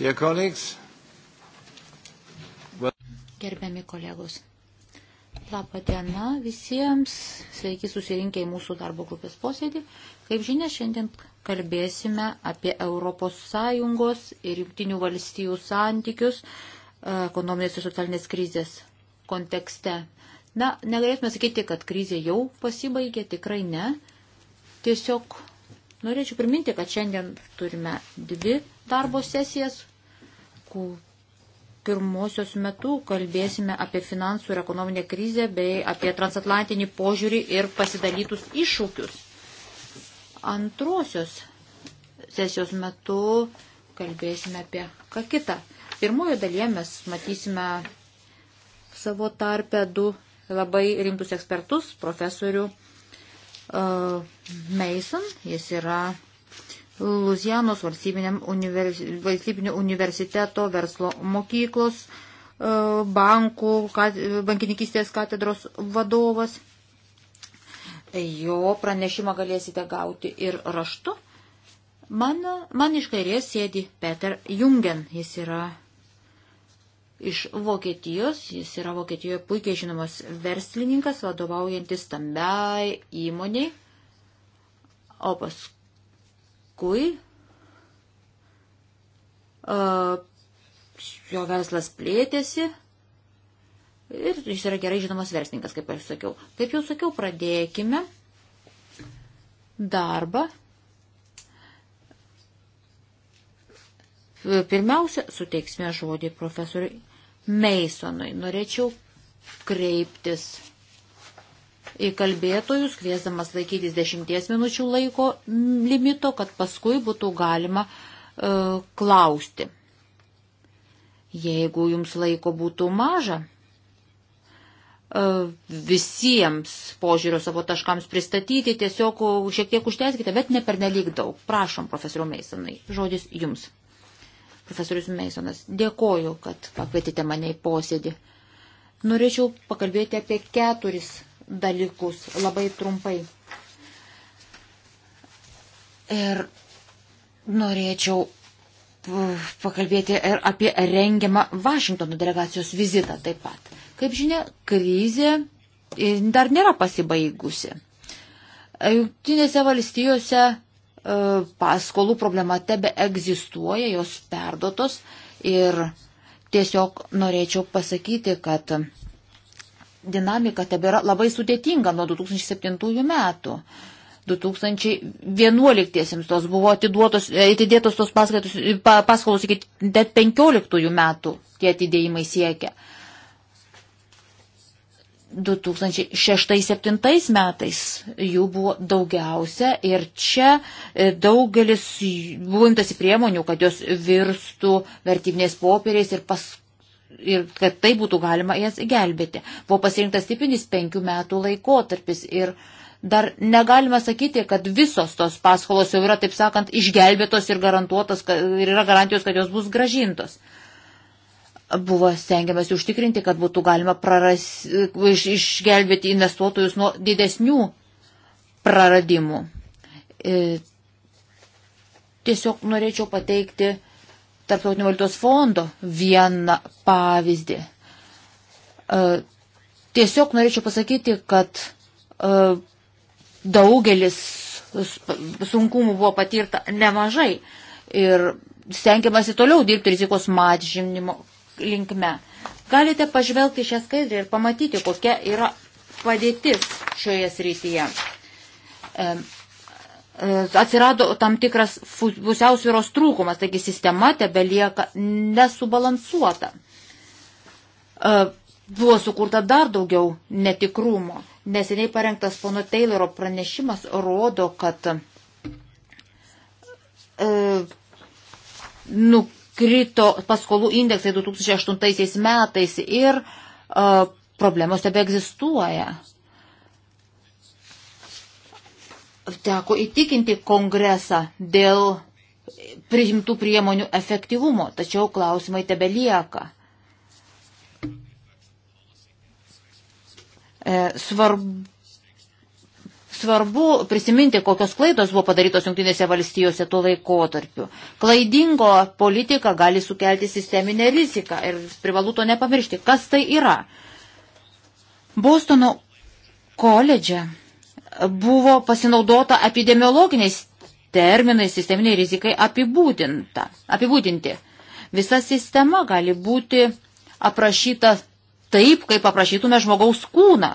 Dear colleagues, well... Gerbiami kolegos, laba diena visiems, sveiki susirinkę į mūsų darbo grupės posėdį. Kaip žinia, šiandien kalbėsime apie ES ir Junktinių valstijų santykius e, ekonominės ir socialinės krizės kontekste. Na, negalėtume sakyti, kad krizė jau pasibaigė, tikrai ne. Tiesiog Norėčiau priminti, kad šiandien turime dvi darbo sesijas. Pirmosios metu kalbėsime apie finansų ir ekonominę krizę bei apie transatlantinį požiūrį ir pasidalytus iššūkius. Antrosios sesijos metu kalbėsime apie ką kitą. Pirmojo dalyje mes matysime savo tarpę du labai rimtus ekspertus, profesorių Mason, jis yra Luzianos valstybinio universiteto verslo mokyklos bankų, bankininkistės katedros vadovas. Jo pranešimą galėsite gauti ir raštu. Man, man iš kairės sėdi Peter Jungen, jis yra iš Vokietijos. Jis yra Vokietijoje puikiai žinomas verslininkas, vadovaujantis stambiai įmoniai. O paskui uh, jo verslas plėtėsi. Ir jis yra gerai žinomas verslininkas, kaip aš sakiau. Kaip jau sakiau, pradėkime darbą. Pirmiausia, suteiksime žodį profesoriui Meisonui. Norėčiau kreiptis į kalbėtojus, kviesdamas laikytis dešimties minučių laiko limito, kad paskui būtų galima e, klausti. Jeigu jums laiko būtų maža, e, visiems požiūrio savo taškams pristatyti, tiesiog e, šiek tiek užteskite, bet ne per nelik daug. Prašom, profesoriu Meisonai, žodis jums profesorius Meisonas. Dėkoju, kad pakvietėte mane į posėdį. Norėčiau pakalbėti apie keturis dalykus labai trumpai. Ir norėčiau uh, pakalbėti ir apie rengiamą Vašingtono delegacijos vizitą taip pat. Kaip žinia, krizė eh, dar nėra pasibaigusi. Jungtinėse valstijose E, paskolų problema tebe egzistuoja, jos perdotos ir tiesiog norėčiau pasakyti, kad dinamika tebe yra labai sudėtinga nuo 2007 metų. 2011 tos buvo atiduotos, e, atidėtos tos paskolos iki net 15 metų tie atidėjimai siekia. 2006-2007 metais jų buvo daugiausia ir čia e, daugelis buvo imtasi priemonių, kad jos virstų vertybinės popieriais ir, pas, ir kad tai būtų galima jas gelbėti. Buvo pasirinktas tipinis penkių metų laikotarpis ir dar negalima sakyti, kad visos tos paskolos jau yra, taip sakant, išgelbėtos ir, ir yra garantijos, kad jos bus gražintos buvo stengiamas užtikrinti, kad būtų galima praras, iš, išgelbėti investuotojus nuo didesnių praradimų. E, tiesiog norėčiau pateikti Tarptautinio valiutos fondo vieną pavyzdį. E, tiesiog norėčiau pasakyti, kad e, daugelis sunkumų buvo patirta nemažai ir stengiamasi toliau dirbti rizikos mažinimo linkme. Galite pažvelgti šią skaidrę ir pamatyti, kokia yra padėtis šioje srityje. E, e atsirado tam tikras pusiausvyros trūkumas, taigi sistema tebelieka nesubalansuota. E, buvo sukurta dar daugiau netikrumo. Neseniai parengtas pono Tayloro pranešimas rodo, kad e, nu, krito paskolų indeksai 2008 metais ir uh, problemos tebe egzistuoja. Teko įtikinti kongresą dėl priimtų priemonių efektyvumo, tačiau klausimai tebe lieka. E, Svarbu svarbu prisiminti, kokios klaidos buvo padarytos Junktinėse valstijose tuo laikotarpiu. Klaidingo politika gali sukelti sisteminę riziką ir privalu to nepamiršti. Kas tai yra? Bostono koledže buvo pasinaudota epidemiologiniais terminais sisteminiai rizikai apibūdinti. Visa sistema gali būti aprašyta taip, kaip aprašytume žmogaus kūną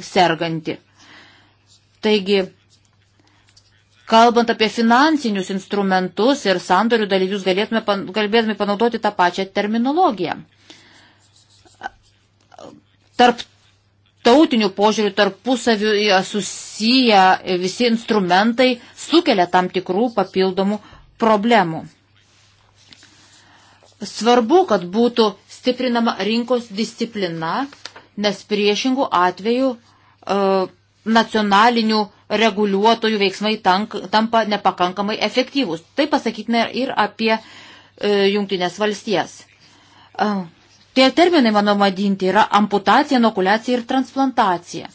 serganti. Taigi, kalbant apie finansinius instrumentus ir sandorių dalyvius, galėtume kalbėdami panaudoti tą pačią terminologiją. Tarp tautinių požiūrių tarpusavių susiję visi instrumentai sukelia tam tikrų papildomų problemų. Svarbu, kad būtų stiprinama rinkos disciplina, nes priešingų atvejų uh, e, nacionalinių reguliuotojų veiksmai tank, tampa nepakankamai efektyvūs. Tai pasakytume ir apie e, jungtinės valstijas. E, tie terminai, mano madinti, yra amputacija, inokulacija ir transplantacija.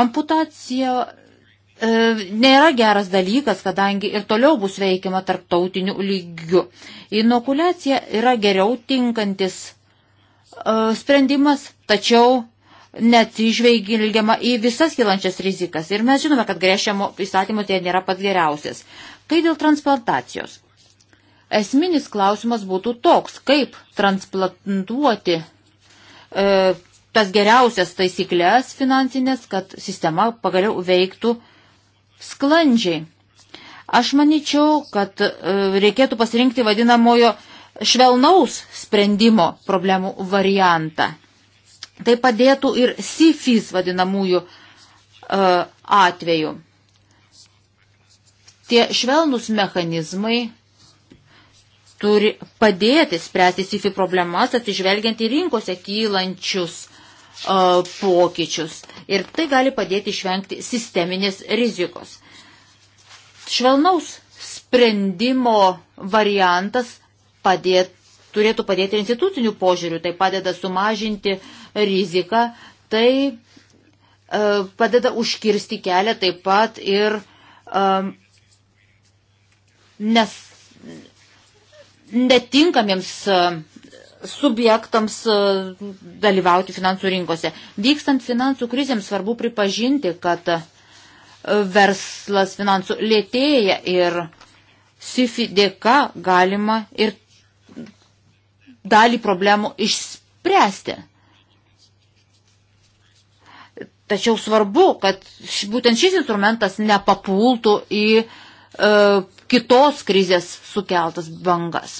Amputacija e, nėra geras dalykas, kadangi ir toliau bus veikiama tarptautiniu lygiu. Inokulacija yra geriau tinkantis e, sprendimas, tačiau neatsižvelgiama į visas kilančias rizikas. Ir mes žinome, kad grėžiamo įstatymo tai nėra pats geriausias. Kai dėl transplantacijos. Esminis klausimas būtų toks, kaip transplantuoti e, tas geriausias taisyklės finansinės, kad sistema pagaliau veiktų sklandžiai. Aš manyčiau, kad e, reikėtų pasirinkti vadinamojo švelnaus sprendimo problemų variantą Tai padėtų ir SIFIS vadinamųjų e, atveju. Tie švelnus mechanizmai turi padėti spręsti SIFI problemas, atsižvelgiant į rinkose kylančius uh, pokyčius. Ir tai gali padėti išvengti sisteminės rizikos. Švelnaus sprendimo variantas padėt, turėtų padėti institucinių požiūrių, tai padeda sumažinti uh, riziką, tai e, padeda užkirsti kelią taip pat ir um, nes, netinkamiems e, subjektams dalyvauti finansų rinkose. Vykstant finansų krizėms svarbu pripažinti, kad verslas finansų lėtėja ir SIFI dėka galima ir dalį problemų išspręsti. Tačiau svarbu, kad būtent šis instrumentas nepapultų į e, kitos krizės sukeltas bangas.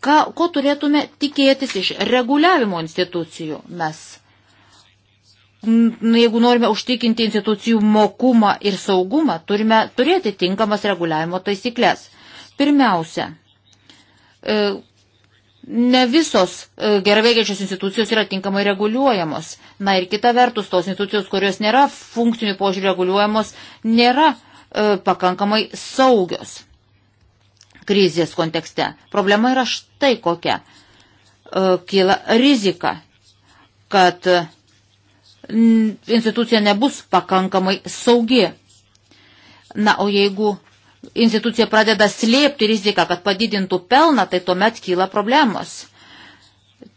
Ką, ko turėtume tikėtis iš reguliavimo institucijų? Mes, jeigu norime užtikinti institucijų mokumą ir saugumą, turime turėti tinkamas reguliavimo taisyklės. Pirmiausia, e, ne visos e, gerai veikiančios institucijos yra tinkamai reguliuojamos. Na ir kita vertus, tos institucijos, kurios nėra funkcinių požiūrį reguliuojamos, nėra e, pakankamai saugios krizės kontekste. Problema yra štai kokia. E, kyla rizika, kad e, institucija nebus pakankamai saugi. Na, o jeigu institucija pradeda slėpti riziką, kad padidintų pelną, tai tuomet kyla problemos.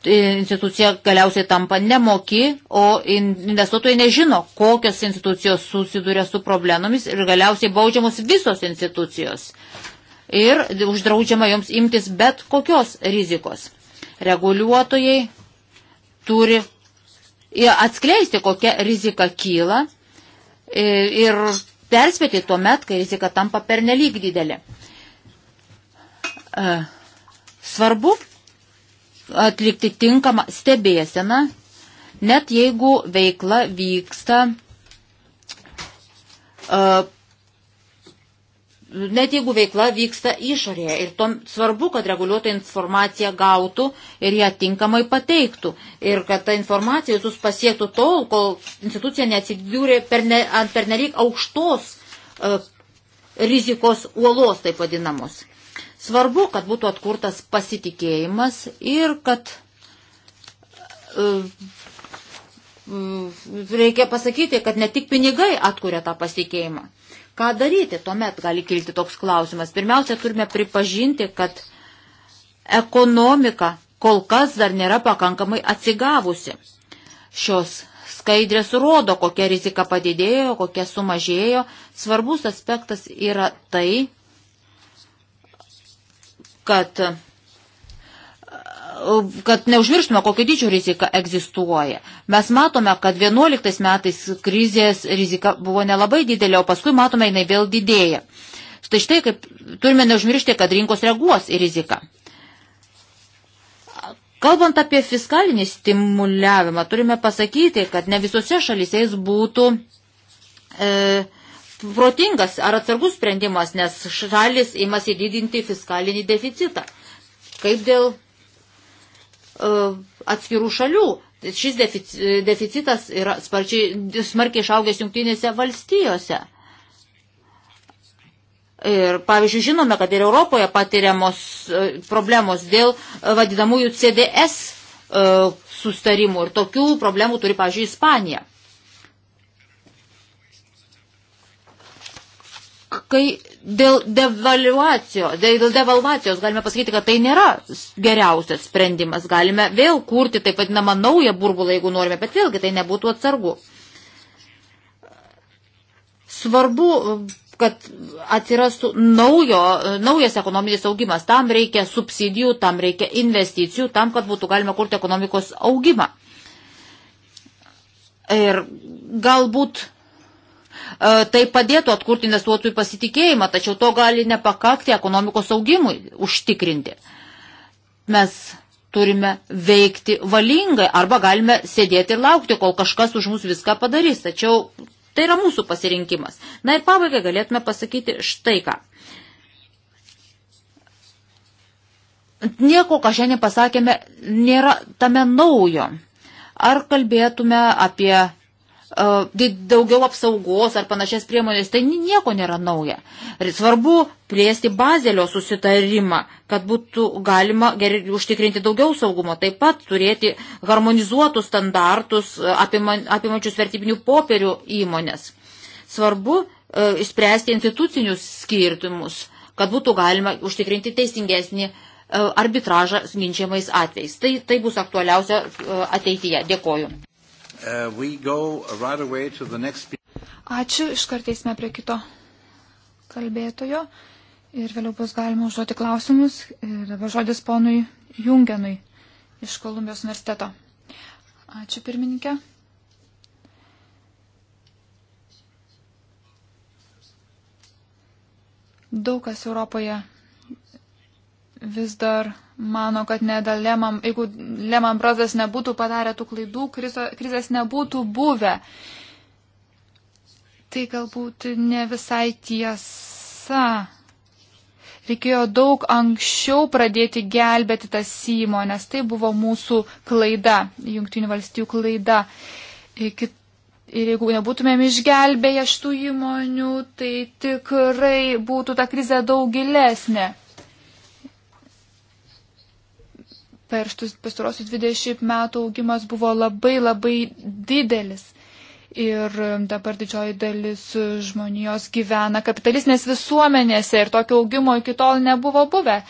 Tai institucija galiausiai tampa nemoki, o investuotojai nežino, kokios institucijos susiduria su problemomis ir galiausiai baudžiamos visos institucijos. Ir uždraudžiama joms imtis bet kokios rizikos. Reguliuotojai turi atskleisti, kokia rizika kyla ir perspėti tuo met, kai rizika tampa pernelyg didelė. E, svarbu atlikti tinkamą stebėseną, net jeigu veikla vyksta e, net jeigu veikla vyksta išorėje. Ir tom svarbu, kad reguliuotojai informaciją gautų ir ją tinkamai pateiktų. Ir kad ta informacija visus pasiektų tol, kol institucija neatsidūrė per ne, ant pernelyg aukštos e, rizikos uolos, taip vadinamos. Svarbu, kad būtų atkurtas pasitikėjimas ir kad e, reikia pasakyti, kad ne tik pinigai atkuria tą pasitikėjimą. Ką daryti? Tuomet gali kilti toks klausimas. Pirmiausia, turime pripažinti, kad ekonomika kol kas dar nėra pakankamai atsigavusi. Šios skaidrės rodo, kokia rizika padidėjo, kokia sumažėjo. Svarbus aspektas yra tai, kad kad neužmirštume, kokio dydžio rizika egzistuoja. Mes matome, kad 11 metais krizės rizika buvo nelabai didelė, o paskui matome, jinai vėl didėja. Štai štai kaip turime neužmiršti, kad rinkos reaguos į riziką. Kalbant apie fiskalinį stimuliavimą, turime pasakyti, kad ne visose šalyse jis būtų e, protingas ar atsargus sprendimas, nes šalis imasi didinti fiskalinį deficitą. Kaip dėl E, atskirų šalių. Šis deficitas yra sparčiai, smarkiai išaugęs jungtinėse valstijose. Ir, pavyzdžiui, žinome, kad ir Europoje patiriamos e, problemos dėl e, vadinamųjų CDS sustarimų ir tokių problemų turi, pavyzdžiui, Ispanija. kai dėl devaluacijos, dėl devalvacijos galime pasakyti, kad tai nėra geriausias sprendimas. Galime vėl kurti taip vadinamą naują burbulą, jeigu norime, bet vėlgi tai nebūtų atsargu. Svarbu, kad atsirastų naujo, naujas ekonominis augimas. Tam reikia subsidijų, tam reikia investicijų, tam, kad būtų galima kurti ekonomikos augimą. Ir galbūt E, tai padėtų atkurti investuotojų pasitikėjimą, tačiau to gali nepakakti ekonomikos augimui užtikrinti. Mes turime veikti valingai arba galime sėdėti ir laukti, kol kažkas už mus viską padarys. Tačiau tai yra mūsų pasirinkimas. Na ir pabaigai galėtume pasakyti štai ką. Nieko, ką šiandien pasakėme, nėra tame naujo. Ar kalbėtume apie daugiau apsaugos ar panašias priemonės, tai nieko nėra nauja. Ir svarbu plėsti bazelio susitarimą, kad būtų galima geriau užtikrinti daugiau saugumo, taip pat turėti harmonizuotus standartus apima, apimančius vertybinių popierių įmonės. Svarbu e, išspręsti institucinius skirtumus, kad būtų galima užtikrinti teisingesnį e, arbitražą ginčiamais atvejais. Tai, tai bus aktualiausia e, ateityje. Dėkoju. Uh, right next... Ačiū, iškart eisime prie kito kalbėtojo ir vėliau bus galima užduoti klausimus. Ir dabar žodis ponui Jungenui iš Kolumbijos universiteto. Ačiū pirmininkė. Daug kas Europoje vis dar mano, kad ne dėl Lehman, jeigu Lehman Brothers nebūtų padarę tų klaidų, krizės nebūtų buvę. Tai galbūt ne visai tiesa. Reikėjo daug anksčiau pradėti gelbėti tas įmonės. Tai buvo mūsų klaida, jungtinių valstybių klaida. Kit Ir jeigu nebūtumėm išgelbėję šitų įmonių, tai tikrai būtų ta krizė daug gilesnė. per štus pastarosius 20 metų augimas buvo labai labai didelis. Ir um, dabar didžioji dalis žmonijos gyvena kapitalistinės visuomenėse ir tokio augimo iki tol nebuvo buvę.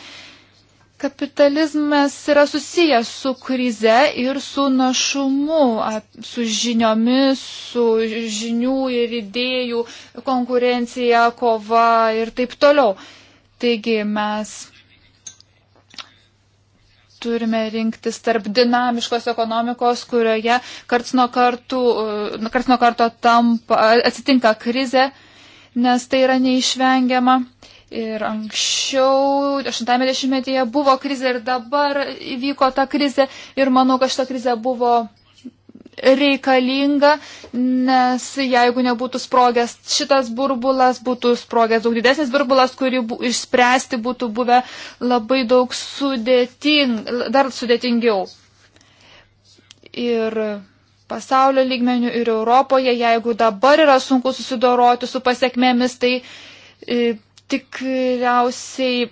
Kapitalizmas yra susijęs su krize ir su našumu, su žiniomis, su žinių ir idėjų konkurencija, kova ir taip toliau. Taigi mes turime rinktis tarp dinamiškos ekonomikos, kurioje karts nuo, kartų, e, karts nuo karto tampa, atsitinka krize, nes tai yra neišvengiama. Ir anksčiau, 80-metyje buvo krizė ir dabar įvyko ta krizė ir manau, kad šita krizė buvo reikalinga, nes jeigu nebūtų sprogęs šitas burbulas, būtų sprogęs daug didesnis burbulas, kurį bu, išspręsti būtų buvę labai daug sudėting, dar sudėtingiau. Ir pasaulio lygmenių ir Europoje, jeigu dabar yra sunku susidoroti su pasiekmėmis, tai e, tikriausiai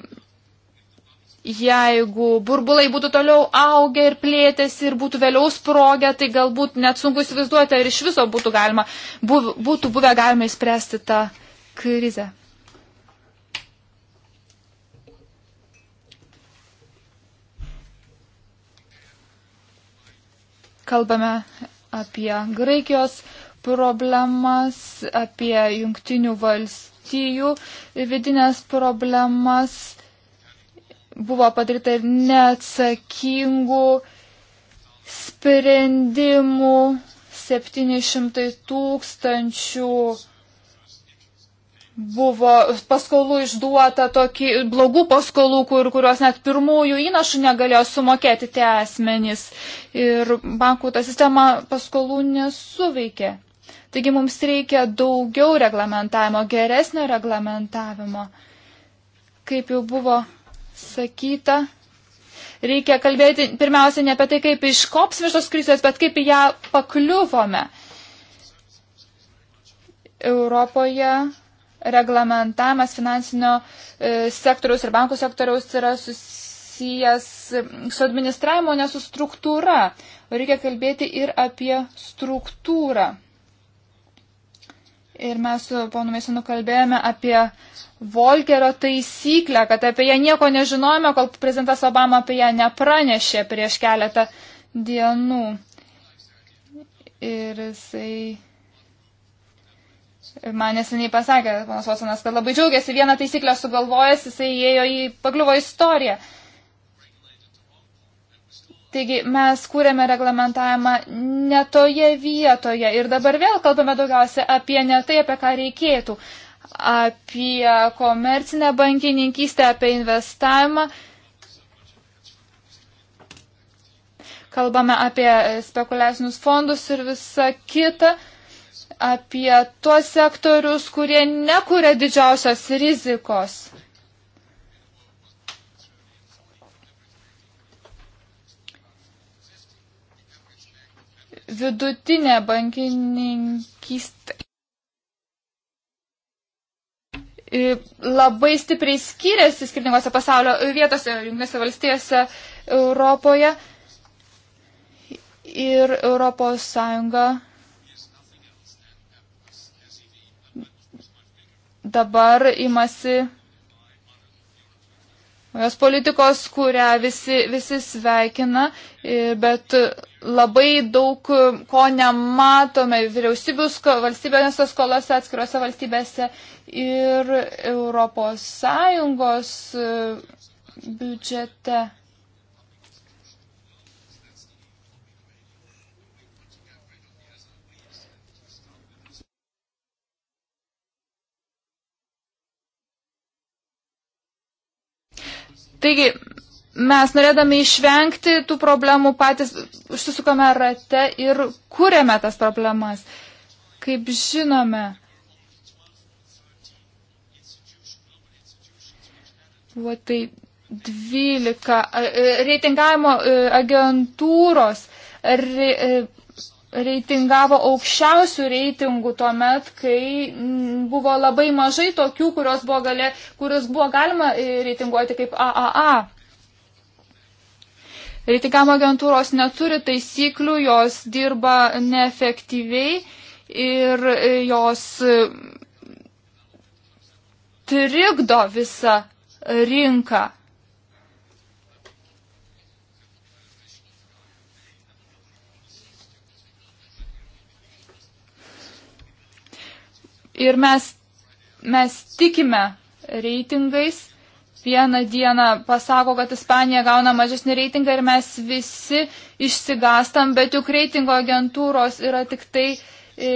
Jeigu burbulai būtų toliau augę ir plėtėsi ir būtų vėliau sprogę, tai galbūt net sunku įsivaizduoti, ar iš viso būtų, galima, buv, būtų buvę galima įspręsti tą krizę. Kalbame apie Graikijos problemas, apie jungtinių valstybių vidinės problemas buvo padaryta ir neatsakingų sprendimų 700 tūkstančių buvo paskolų išduota tokį blogų paskolų, kur, kurios net pirmųjų įnašų negalėjo sumokėti tie asmenys. Ir bankų ta sistema paskolų nesuveikė. Taigi mums reikia daugiau reglamentavimo, geresnio reglamentavimo. Kaip jau buvo sakyta, reikia kalbėti pirmiausia ne apie tai, kaip iškops visos krizės, bet kaip į ją pakliuvome. Europoje reglamentavimas finansinio e, sektoriaus ir bankų sektoriaus yra susijęs su administravimo, ne su struktūra. Reikia kalbėti ir apie struktūrą. Ir mes su ponu Mesinu kalbėjome apie Volkerio taisyklę, kad apie ją nieko nežinojome, kol prezidentas Obama apie ją nepranešė prieš keletą dienų. Ir jisai man neseniai pasakė, panas Osanas, kad labai džiaugiasi vieną taisyklę sugalvojęs, jisai įėjo į, pakliuvo istoriją. Taigi mes kūrėme reglamentavimą ne toje vietoje ir dabar vėl kalbame daugiausia apie ne tai, apie ką reikėtų, apie komercinę bankininkystę, apie investavimą. Kalbame apie spekuliacinius fondus ir visą kitą, apie tuos sektorius, kurie nekuria didžiausios rizikos. vidutinė bankininkystė labai stipriai skiriasi skirtingose pasaulio vietose, Junktinėse valstijose, Europoje ir Europos Sąjunga dabar imasi Jos politikos, kurią visi, visi sveikina, bet labai daug ko nematome vyriausybių valstybėse skolose atskiruose valstybėse ir Europos Sąjungos biudžete. Taigi, mes norėdami išvengti tų problemų patys užsisukame rate ir kūrėme tas problemas. Kaip žinome, buvo tai 12 e, reitingavimo e, agentūros re, e, reitingavo aukščiausių reitingų tuo met, kai buvo labai mažai tokių, kurios buvo, galė, kurios buvo galima e, reitinguoti kaip AAA. Reitingavimo agentūros neturi taisyklių, jos dirba neefektyviai ir e, jos e, trikdo visą rinką. Ir mes, mes tikime reitingais. Vieną dieną pasako, kad Ispanija gauna mažesnį reitingą ir mes visi išsigastam, bet juk reitingo agentūros yra tik tai e,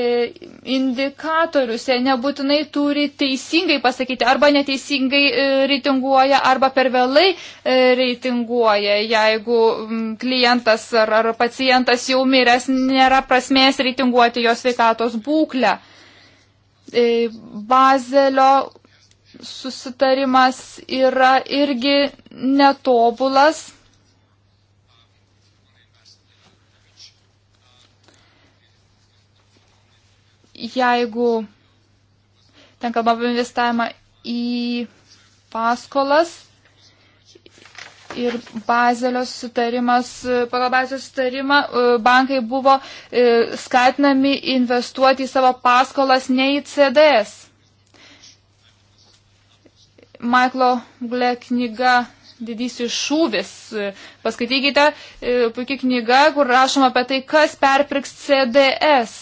indikatorius, jie nebūtinai turi teisingai pasakyti, arba neteisingai e, reitinguoja, arba per vėlai e, reitinguoja. Jeigu klientas ar, ar pacientas jau miręs, nėra prasmės reitinguoti jos sveikatos būklę. E, Bazelio susitarimas yra irgi netobulas. Jeigu ten kalbame apie investavimą į paskolas, ir Bazelio sutarimas, pagal Bazelio sutarimą e, bankai buvo e, skatinami investuoti į savo paskolas ne į CDS. Maiklo Gle knyga Didysis šūvis. Paskaitykite, e, puikia knyga, kur rašoma apie tai, kas perpirks CDS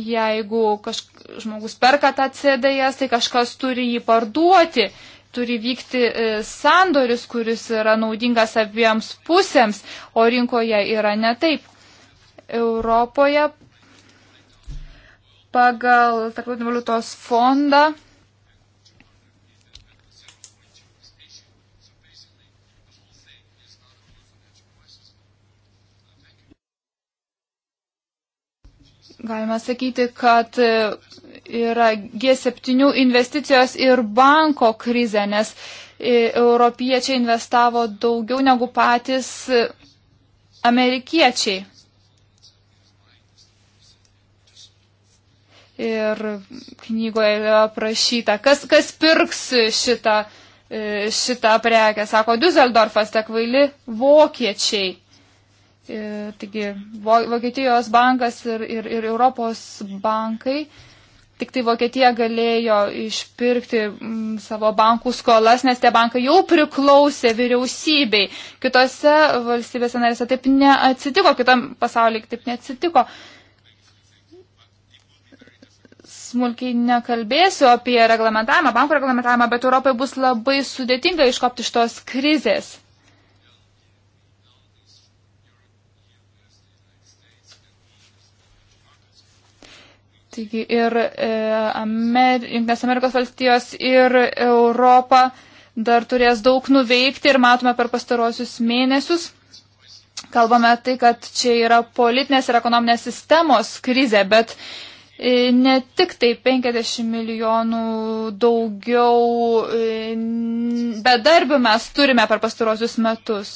jeigu kaž... žmogus perka tą CDS, tai kažkas turi jį parduoti turi vykti e, sandoris, kuris yra naudingas abiems pusėms, o rinkoje yra ne taip. Europoje pagal Tarptautinio valiutos fondą Galima sakyti, kad yra G7 investicijos ir banko krize, nes e, europiečiai investavo daugiau negu patys amerikiečiai. Ir knygoje yra aprašyta, kas, kas pirks šitą, e, šitą prekę. Sako Düsseldorfas, ta kvaili vokiečiai. E, taigi Vokietijos bankas ir, ir, ir Europos bankai, tik tai Vokietija galėjo išpirkti m, mm, savo bankų skolas, nes tie bankai jau priklausė vyriausybei. Kitose valstybėse narėse taip neatsitiko, kitam pasaulyje taip neatsitiko. Smulkiai nekalbėsiu apie reglamentavimą, bankų reglamentavimą, bet Europai bus labai sudėtinga iškopti iš tos krizės. Taigi ir e, Amer... Junktinės Amerikos valstijos ir Europa dar turės daug nuveikti ir matome per pastarosius mėnesius. Kalbame tai, kad čia yra politinės ir ekonominės sistemos krizė, bet e, ne tik tai 50 milijonų daugiau e, bedarbių mes turime per pastarosius metus.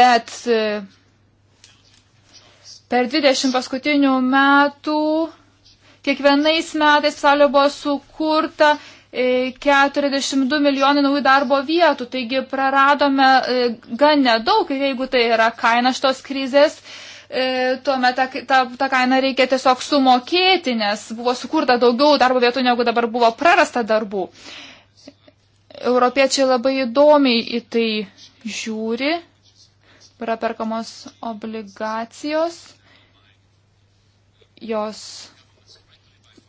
Bet e, Per 20 paskutinių metų kiekvienais metais pasaulio buvo sukurta 42 e, milijonai naujų darbo vietų, taigi praradome e, gan nedaug ir jeigu tai yra kaina šitos krizės, e, tuomet tą, tą, tą kainą reikia tiesiog sumokėti, nes buvo sukurta daugiau darbo vietų, negu dabar buvo prarasta darbų. Europiečiai labai įdomiai į tai žiūri yra perkamos obligacijos, jos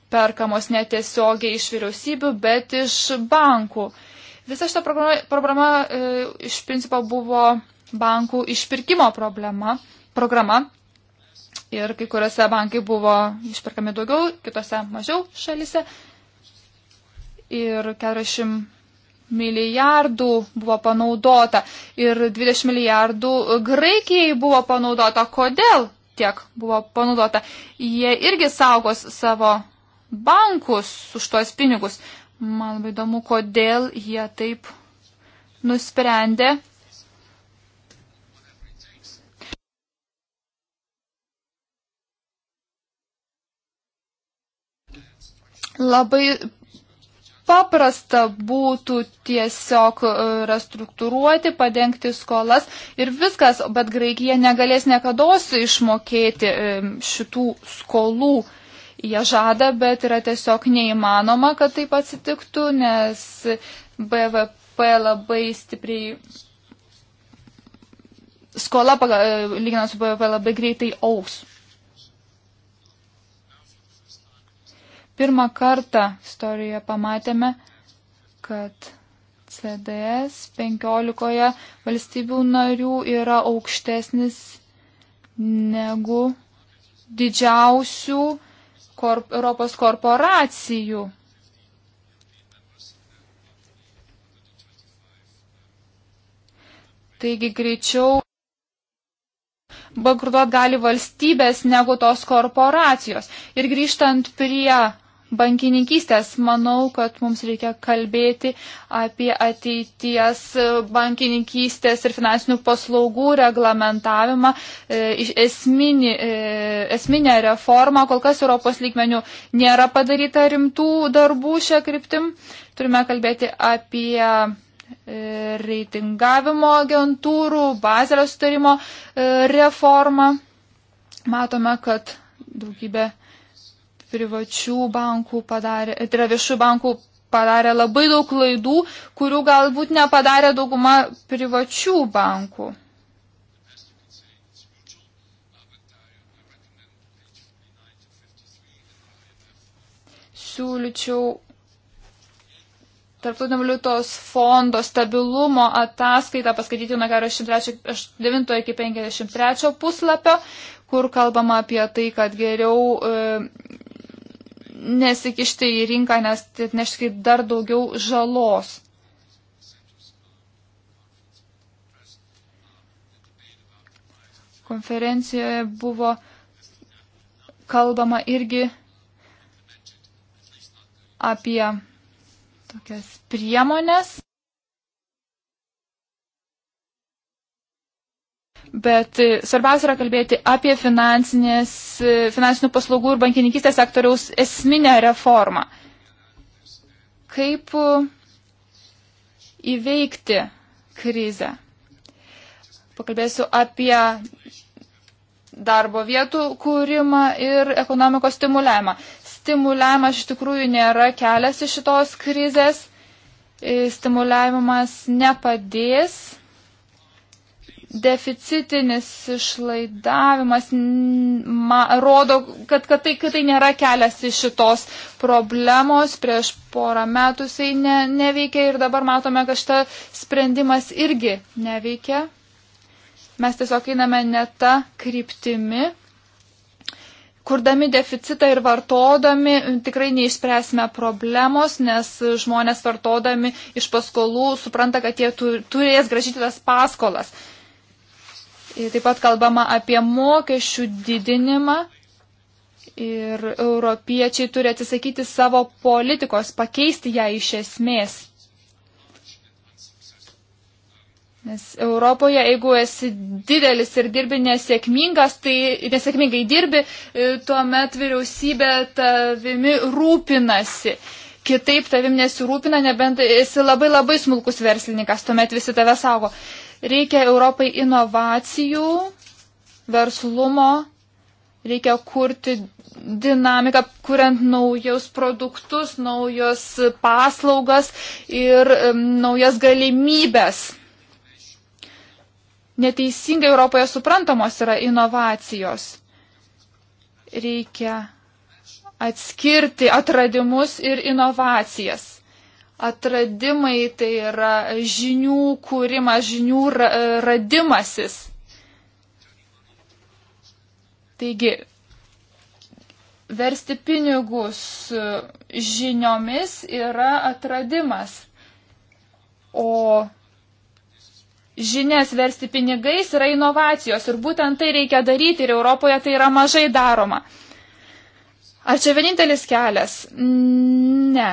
perkamos netiesiogiai iš vyriausybių, bet iš bankų. Visa šita programa, programa e, iš principo buvo bankų išpirkimo problema, programa. Ir kai kuriuose bankai buvo išperkami daugiau, kitose mažiau šalise. Ir 40 milijardų buvo panaudota ir 20 milijardų Graikijai buvo panaudota. Kodėl tiek buvo panaudota? Jie irgi saugos savo bankus už tuos pinigus. Man labai įdomu, kodėl jie taip nusprendė. Labai paprasta būtų tiesiog e, restruktūruoti, padengti skolas ir viskas, bet Graikija negalės niekada išmokėti e, šitų skolų. Jie žada, bet yra tiesiog neįmanoma, kad taip atsitiktų, nes BVP labai stipriai. Skola, e, lyginant su BVP, labai greitai aus. Pirmą kartą istorijoje pamatėme, kad CDS 15 valstybių narių yra aukštesnis negu didžiausių korp Europos korporacijų. Taigi greičiau bankrutuot gali valstybės negu tos korporacijos. Ir grįžtant prie bankininkystės. Manau, kad mums reikia kalbėti apie ateities bankininkystės ir finansinių paslaugų reglamentavimą, e, esminį, e, esminę reformą. Kol kas Europos lygmenių nėra padaryta rimtų darbų šią kryptim. Turime kalbėti apie e, reitingavimo agentūrų, bazelio sutarimo reformą. Matome, kad daugybė privačių bankų padarė, tai yra viešų bankų padarė labai daug klaidų, kurių galbūt nepadarė dauguma privačių bankų. Siūlyčiau Tarptautinio valiutos fondo stabilumo ataskaitą paskaityti nuo 49 iki 53 puslapio, kur kalbama apie tai, kad geriau e, nesikišti į rinką, nes tai neš kaip dar daugiau žalos. Konferencijoje buvo kalbama irgi apie tokias priemonės. Bet e, svarbiausia yra kalbėti apie e, finansinių paslaugų ir bankininkistės sektoriaus esminę reformą. Kaip e, įveikti krizę? Pakalbėsiu apie darbo vietų kūrimą ir ekonomikos stimuliavimą. Stimuliavimas iš tikrųjų nėra kelias iš šitos krizės. Stimuliavimas nepadės deficitinis išlaidavimas ma, rodo, kad, kad, tai, kad tai nėra kelias iš šitos problemos. Prieš porą metų jisai ne, neveikia ir dabar matome, kad šitas sprendimas irgi neveikia. Mes tiesiog einame ne tą kryptimi, kurdami deficitą ir vartodami tikrai neišspręsime problemos, nes žmonės vartodami iš paskolų supranta, kad jie turės gražyti tas paskolas. Taip pat kalbama apie mokesčių didinimą ir europiečiai turi atsisakyti savo politikos, pakeisti ją iš esmės. Nes Europoje, jeigu esi didelis ir dirbi nesėkmingas, tai nesėkmingai dirbi, e, tuomet vyriausybė tavimi rūpinasi. Kitaip tavim nesirūpina, nebent esi labai labai smulkus verslininkas, tuomet visi tave saugo. Reikia Europai inovacijų, verslumo, reikia kurti dinamiką, kuriant naujus produktus, naujos paslaugas ir naujas galimybės. Neteisingai Europoje suprantamos yra inovacijos. Reikia atskirti atradimus ir inovacijas atradimai, tai yra žinių kūrimas, žinių ra e, radimasis. Taigi, versti pinigus žiniomis yra atradimas, o žinias versti pinigais yra inovacijos ir būtent tai reikia daryti ir Europoje tai yra mažai daroma. Ar čia vienintelis kelias? Ne.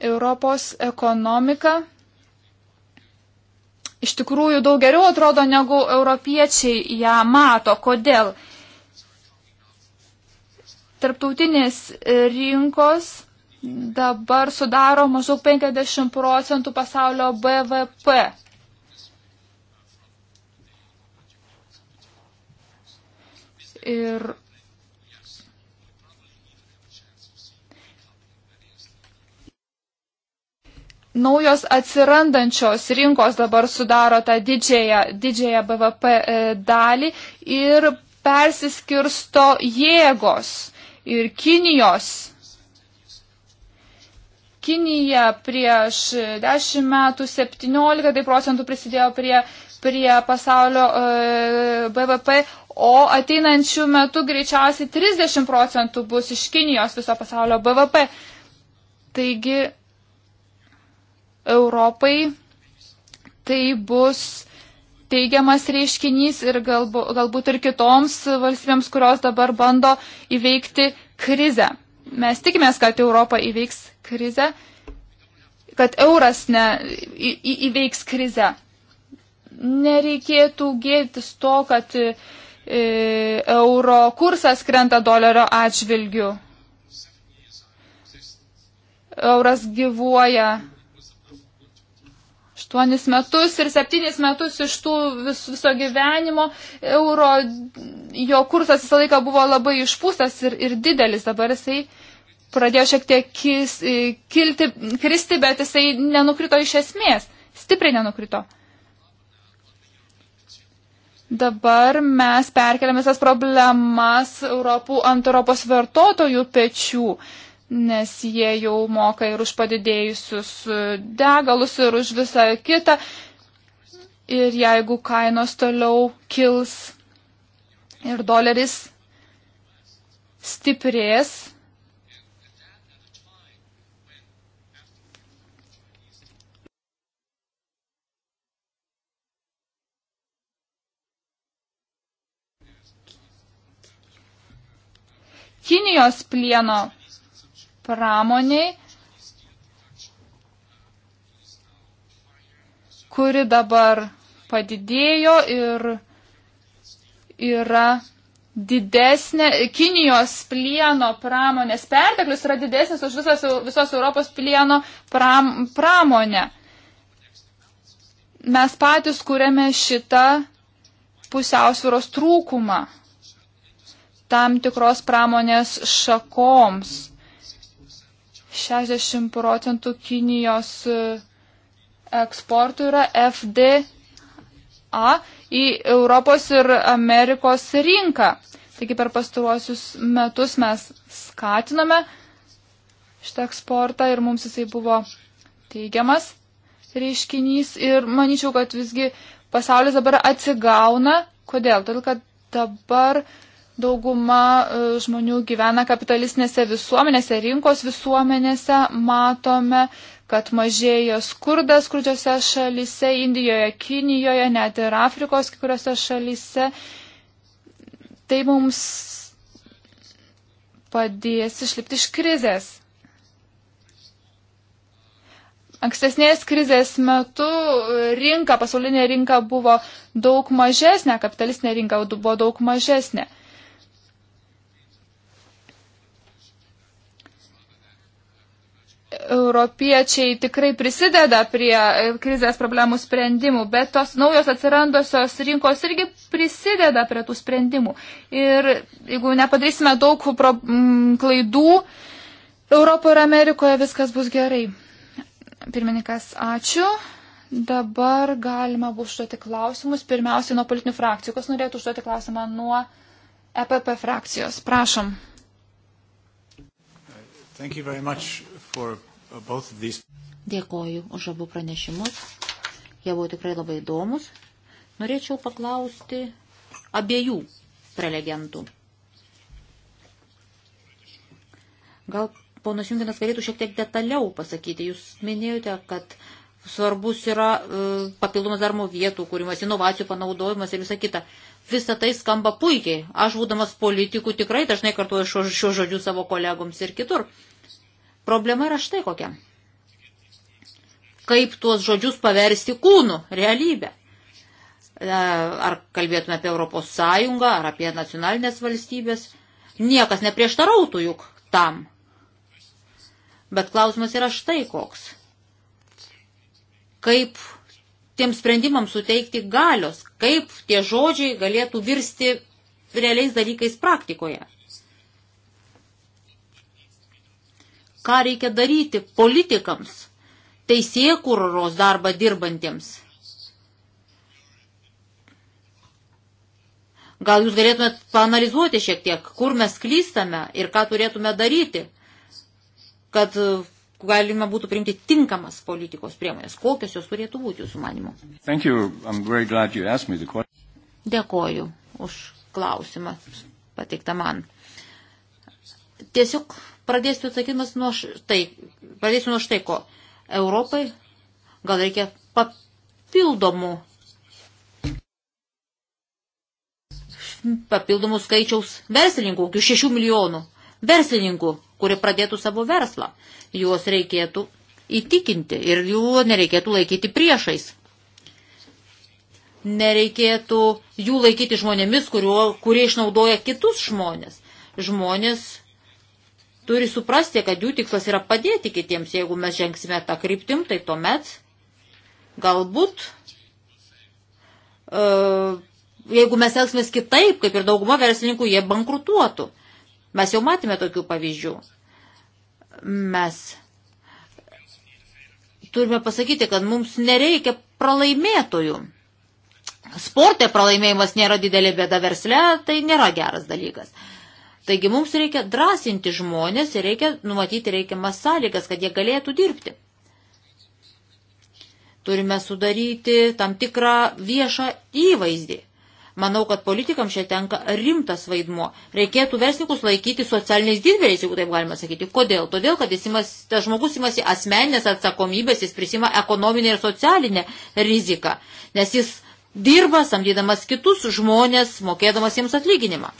Europos ekonomika iš tikrųjų daug geriau atrodo, negu europiečiai ją mato. Kodėl? Tarptautinės rinkos dabar sudaro maždaug 50 procentų pasaulio BVP. Ir naujos atsirandančios rinkos dabar sudaro tą didžiąją, didžiąją BVP e, dalį ir persiskirsto jėgos ir Kinijos. Kinija prieš 10 metų 17 procentų prisidėjo prie, prie pasaulio e, BVP, o ateinančių metų greičiausiai 30 procentų bus iš Kinijos viso pasaulio BVP. Taigi Europai tai bus teigiamas reiškinys ir galbu, galbūt ir kitoms valstybėms, kurios dabar bando įveikti krizę. Mes tikimės, kad Europa įveiks krizę, kad euras ne, į, į, įveiks krizę. Nereikėtų gėdytis to, kad e, euro kursas krenta dolerio atžvilgiu. Euras gyvuoja aštuonis metus ir septynis metus iš tų vis, viso gyvenimo euro, jo kursas visą laiką buvo labai išpūstas ir, ir didelis, dabar jisai pradėjo šiek tiek kis, e, kilti, kristi, bet jisai nenukrito iš esmės, stipriai nenukrito. Dabar mes perkeliame visas problemas Europų ant Europos vartotojų pečių nes jie jau moka ir už padidėjusius e, degalus ir už visą kitą. Ir jeigu kainos toliau kils ir doleris stiprės, Kinijos plieno pramoniai, kuri dabar padidėjo ir yra didesnė, Kinijos plieno pramonės perteklius yra didesnis už visos, visos Europos plieno pram, pramonę. Mes patys kūrėme šitą pusiausvėros trūkumą tam tikros pramonės šakoms. 60 procentų Kinijos e, eksportų yra FDA į Europos ir Amerikos rinką. Taigi per pastaruosius metus mes skatiname šitą eksportą ir mums jisai buvo teigiamas reiškinys ir manyčiau, kad visgi pasaulis dabar atsigauna. Kodėl? Todėl, kad dabar uh, Dauguma e, žmonių gyvena kapitalistinėse visuomenėse, rinkos visuomenėse. Matome, kad mažėja skurdas skurdžiose šalyse, Indijoje, Kinijoje, net ir Afrikos kai kuriuose šalyse. Tai mums padės išlipti iš krizės. Ankstesnės krizės metu rinka, pasaulinė rinka buvo daug mažesnė, kapitalistinė rinka buvo daug mažesnė. europiečiai tikrai prisideda prie e, krizės problemų sprendimų, bet tos naujos atsirandosios rinkos irgi prisideda prie tų sprendimų. Ir jeigu nepadarysime daug pro, m, mm, klaidų, Europoje ir Amerikoje viskas bus gerai. Pirmininkas, ačiū. Dabar galima bus užduoti klausimus. Pirmiausiai nuo politinių frakcijų. Kas norėtų užduoti klausimą nuo EPP frakcijos? Prašom. Thank you very much for These... Dėkoju už abu pranešimus. Jie buvo tikrai labai įdomus. Norėčiau paklausti abiejų prelegentų. Gal ponas Junginas galėtų šiek tiek detaliau pasakyti. Jūs minėjote, kad svarbus yra e, papildomas darbo vietų kūrimas, inovacijų panaudojimas ir visa kita. Visa tai skamba puikiai. Aš būdamas politikų tikrai dažnai kartuoju šios žodžius savo kolegoms ir kitur. Problema yra štai kokia. Kaip tuos žodžius paversti kūnų realybę? E, ar kalbėtume apie Europos Sąjungą, ar apie nacionalinės valstybės? Niekas neprieštarautų juk tam. Bet klausimas yra štai koks. Kaip tiems sprendimams suteikti galios, kaip tie žodžiai galėtų virsti realiais dalykais praktikoje. ką reikia daryti politikams, teisėkūros darbą dirbantiems. Gal jūs galėtumėt panalizuoti šiek tiek, kur mes klystame ir ką turėtume daryti, kad galima būtų priimti tinkamas politikos priemonės. Kokios jos turėtų būti jūsų manimu? Dėkoju už klausimą pateiktą man. Tiesiog Pradėsiu atsakymas nuo štai, pradėsiu nuo štai ko. Europai gal reikia papildomų, papildomų skaičiaus verslininkų, 6 milijonų verslininkų, kurie pradėtų savo verslą. Juos reikėtų įtikinti ir jų nereikėtų laikyti priešais. Nereikėtų jų laikyti žmonėmis, kurio, kurie išnaudoja kitus žmonės. Žmonės turi suprasti, kad jų tikslas yra padėti kitiems. Jeigu mes žengsime tą kryptim, tai tuomet galbūt, e, jeigu mes elgsimės kitaip, kaip ir dauguma verslininkų, jie bankrutuotų. Mes jau matėme tokių pavyzdžių. Mes turime pasakyti, kad mums nereikia pralaimėtojų. Sporte pralaimėjimas nėra didelė bėda versle, tai nėra geras dalykas. Uh, Taigi mums reikia drąsinti žmonės ir reikia numatyti reikiamas sąlygas, kad jie galėtų dirbti. Turime sudaryti tam tikrą viešą įvaizdį. Manau, kad politikams čia tenka rimtas vaidmuo. Reikėtų verslininkus laikyti socialiniais didvėliais, jeigu taip galima sakyti. Kodėl? Todėl, kad imas, tas žmogus imasi asmeninės atsakomybės, jis prisima ekonominę ir socialinę riziką, nes jis dirba samdydamas kitus žmonės, mokėdamas jiems atlyginimą.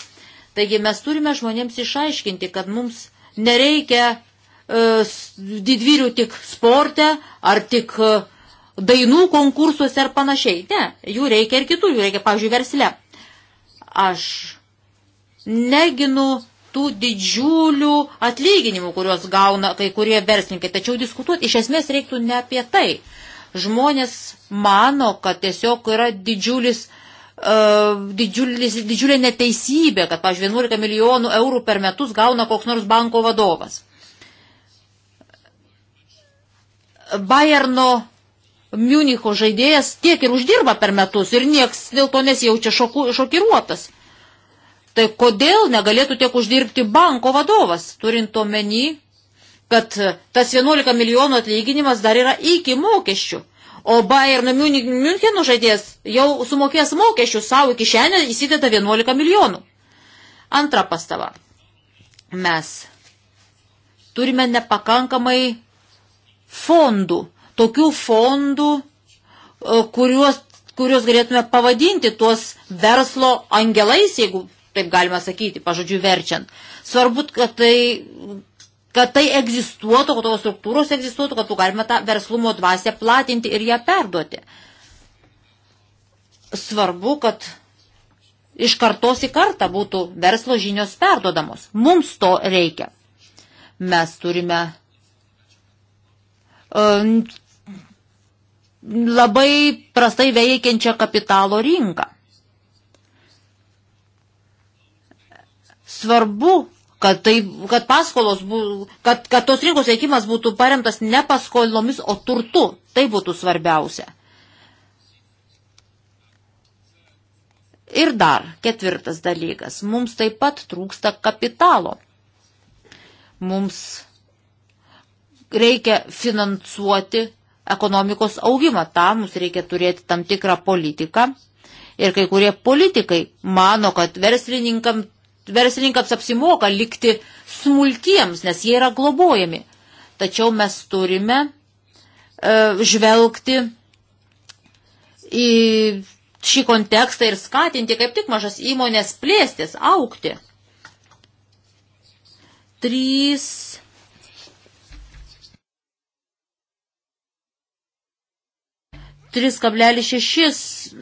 Taigi mes turime žmonėms išaiškinti, kad mums nereikia e, didvyrių tik sporte ar tik e, dainų konkursuose ar panašiai. Ne, jų reikia ir kitų, jų reikia, pavyzdžiui, versle. Aš neginu tų didžiulių atlyginimų, kuriuos gauna kai kurie verslininkai. Tačiau diskutuoti iš esmės reiktų ne apie tai. Žmonės mano, kad tiesiog yra didžiulis didžiulis, didžiulė neteisybė, kad, pavyzdžiui, 11 milijonų eurų per metus gauna koks nors banko vadovas. Bayerno Miunicho žaidėjas tiek ir uždirba per metus ir nieks dėl to nesijaučia šoku, šokiruotas. Tai kodėl negalėtų tiek uždirbti banko vadovas, turint omeny, kad tas 11 milijonų atlyginimas dar yra iki mokesčių. O Bayern nu Müncheno žaidėjas jau sumokės mokesčių savo iki šiandien įsideda 11 milijonų. Antra pastava. Mes turime nepakankamai fondų. Tokių fondų, e, kuriuos, kuriuos galėtume pavadinti tuos verslo angelais, jeigu taip galima sakyti, pažodžiu verčiant. Svarbu, kad tai kad tai egzistuotų, kad tos struktūros egzistuotų, kad galima tą verslumo dvasę platinti ir ją perduoti. Svarbu, kad iš kartos į kartą būtų verslo žinios perdodamos. Mums to reikia. Mes turime um, labai prastai veikiančią kapitalo rinką. Svarbu, kad, tai, kad, paskolos, kad, kad tos rinkos veikimas būtų paremtas ne paskolomis, o turtu. Tai būtų svarbiausia. Ir dar ketvirtas dalykas. Mums taip pat trūksta kapitalo. Mums reikia finansuoti ekonomikos augimą. Tam mums reikia turėti tam tikrą politiką. Ir kai kurie politikai mano, kad verslininkam verslininkams apsimoka likti smulkiems, nes jie yra globojami. Tačiau mes turime e, žvelgti į šį kontekstą ir skatinti kaip tik mažas įmonės plėstis, aukti. Trys. Tris kablelis šešis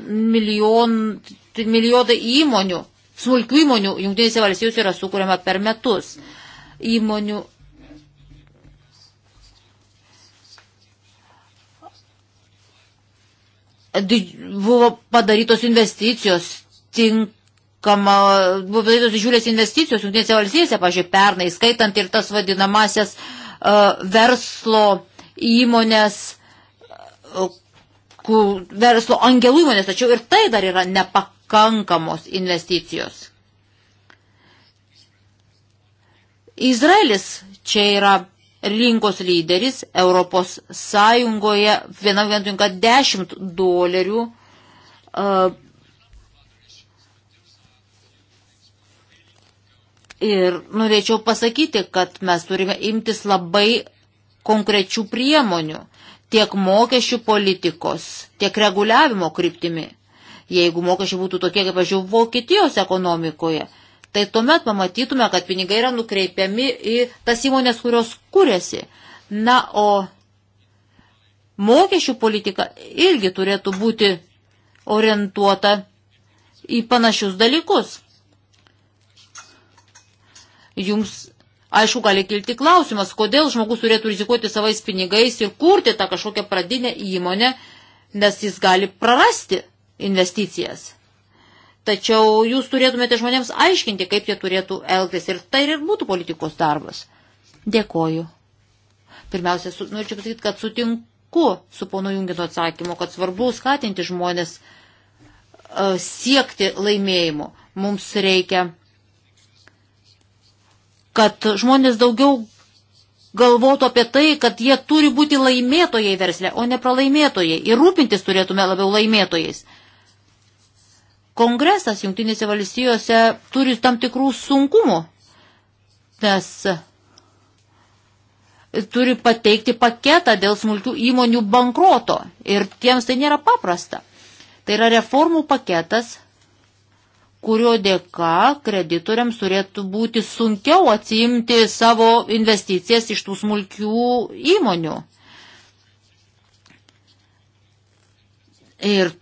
milijonai įmonių smulkių įmonių jungtinėse valstijose yra sukūriama per metus. Įmonių buvo padarytos investicijos tinkama, buvo padarytos didžiulės investicijos jungtinėse valstijose, pažiūrėjau, pernai, skaitant ir tas vadinamasias uh, verslo įmonės, uh, verslo angelų įmonės, tačiau ir tai dar yra nepakankamai pakankamos investicijos. Izraelis čia yra rinkos lyderis, Europos Sąjungoje viena vienuotinka 10 dolerių. Uh, ir norėčiau pasakyti, kad mes turime imtis labai konkrečių priemonių tiek mokesčių politikos, tiek reguliavimo kryptimi. Jeigu mokesčiai būtų tokie, kaip, pažiūrėjau, Vokietijos ekonomikoje, tai tuomet pamatytume, kad pinigai yra nukreipiami į tas įmonės, kurios kūrėsi. Na, o mokesčių politika irgi turėtų būti orientuota į panašius dalykus. Jums Aišku, gali kilti klausimas, kodėl žmogus turėtų rizikuoti savais pinigais ir kurti tą kažkokią pradinę įmonę, nes jis gali prarasti investicijas. Tačiau jūs turėtumėte žmonėms aiškinti, kaip jie turėtų elgtis ir tai ir būtų politikos darbas. Dėkoju. Pirmiausia, su, norėčiau nu, pasakyti, kad sutinku su pono Jungino atsakymu, kad svarbu skatinti žmonės uh, siekti laimėjimų. Mums reikia, kad žmonės daugiau galvotų apie tai, kad jie turi būti laimėtojai versle, o ne pralaimėtojai. Ir rūpintis turėtume labiau laimėtojais. Kongresas Junktinėse valstijose turi tam tikrų sunkumų, nes turi pateikti paketą dėl smulkių įmonių bankroto ir tiems tai nėra paprasta. Tai yra reformų paketas, kurio dėka kreditoriams turėtų būti sunkiau atsiimti savo investicijas iš tų smulkių įmonių. Ir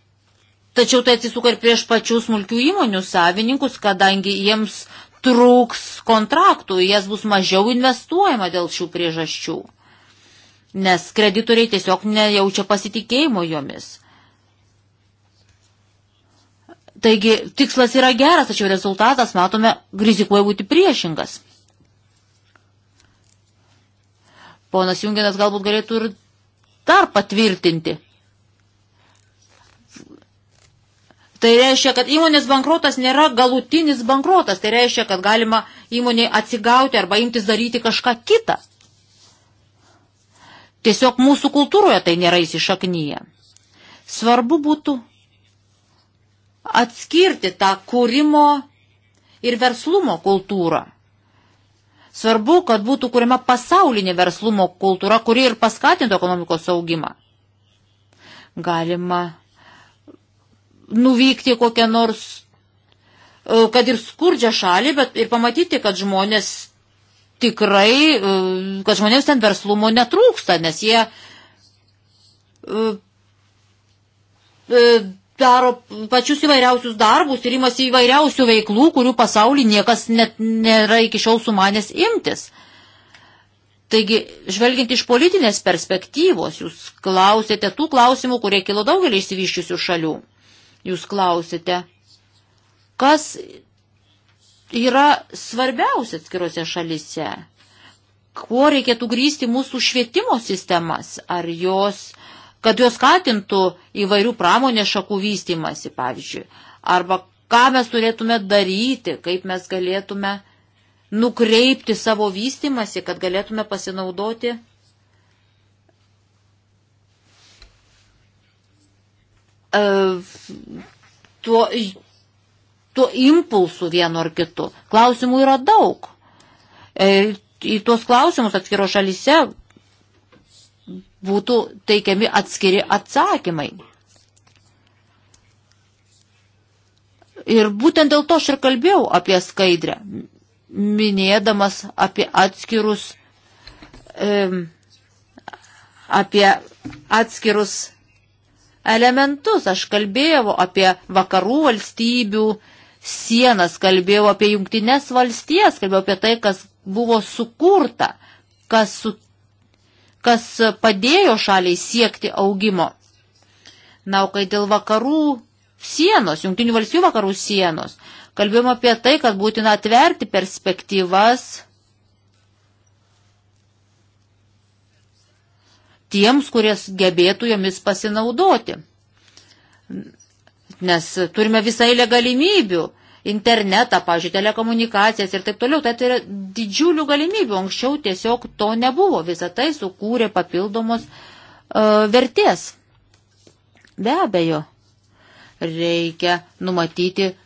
Tačiau tai atsisuka ir prieš pačių smulkių įmonių savininkus, kadangi jiems trūks kontraktų, jas bus mažiau investuojama dėl šių priežasčių, nes kreditoriai tiesiog nejaučia pasitikėjimo jomis. Taigi tikslas yra geras, tačiau rezultatas, matome, rizikuoja būti priešingas. Ponas Junginas galbūt galėtų ir dar patvirtinti Tai reiškia, kad įmonės bankrotas nėra galutinis bankrotas. Tai reiškia, kad galima įmonėje atsigauti arba imtis daryti kažką kitą. Tiesiog mūsų kultūroje tai nėra įsišaknyje. Svarbu būtų atskirti tą kūrimo ir verslumo kultūrą. Svarbu, kad būtų kuriama pasaulinė verslumo kultūra, kuri ir paskatintų ekonomikos augimą. Galima nuvykti kokią nors, e, kad ir skurdžią šalį, bet ir pamatyti, kad žmonės tikrai, e, kad žmonėms ten verslumo netrūksta, nes jie e, daro pačius įvairiausius darbus ir imasi įvairiausių veiklų, kurių pasaulį niekas net nėra iki šiol sumanęs imtis. Taigi, žvelgiant iš politinės perspektyvos, jūs klausėte tų klausimų, kurie kilo daugelį išsivyščiusių šalių jūs klausite, kas yra svarbiausia atskirose šalise, kuo reikėtų grįsti mūsų švietimo sistemas, ar jos, kad jos skatintų įvairių pramonės šakų vystimasi, pavyzdžiui, arba ką mes turėtume daryti, kaip mes galėtume nukreipti savo vystimasi, kad galėtume pasinaudoti E, tuo, tuo impulsu vienu ar kitu. Klausimų yra daug. E, į tuos klausimus atskiro šalyse būtų teikiami atskiri atsakymai. Ir būtent dėl to aš ir kalbėjau apie skaidrę, minėdamas apie atskirus, e, apie atskirus elementus. Aš kalbėjau apie vakarų valstybių sienas, kalbėjau apie jungtinės valstijas, kalbėjau apie tai, kas buvo sukurta, kas, su, kas padėjo šaliai siekti augimo. Na, o kai dėl vakarų sienos, jungtinių valstybių vakarų sienos, kalbėjom apie tai, kad būtina atverti perspektyvas tiems, kurie gebėtų jomis pasinaudoti. Nes turime visą eilę galimybių internetą, pažiūrėjau, telekomunikacijas ir taip toliau. Tai, tai yra didžiulių galimybių. Anksčiau tiesiog to nebuvo. Visą tai sukūrė papildomos uh, vertės. Be abejo, reikia numatyti e,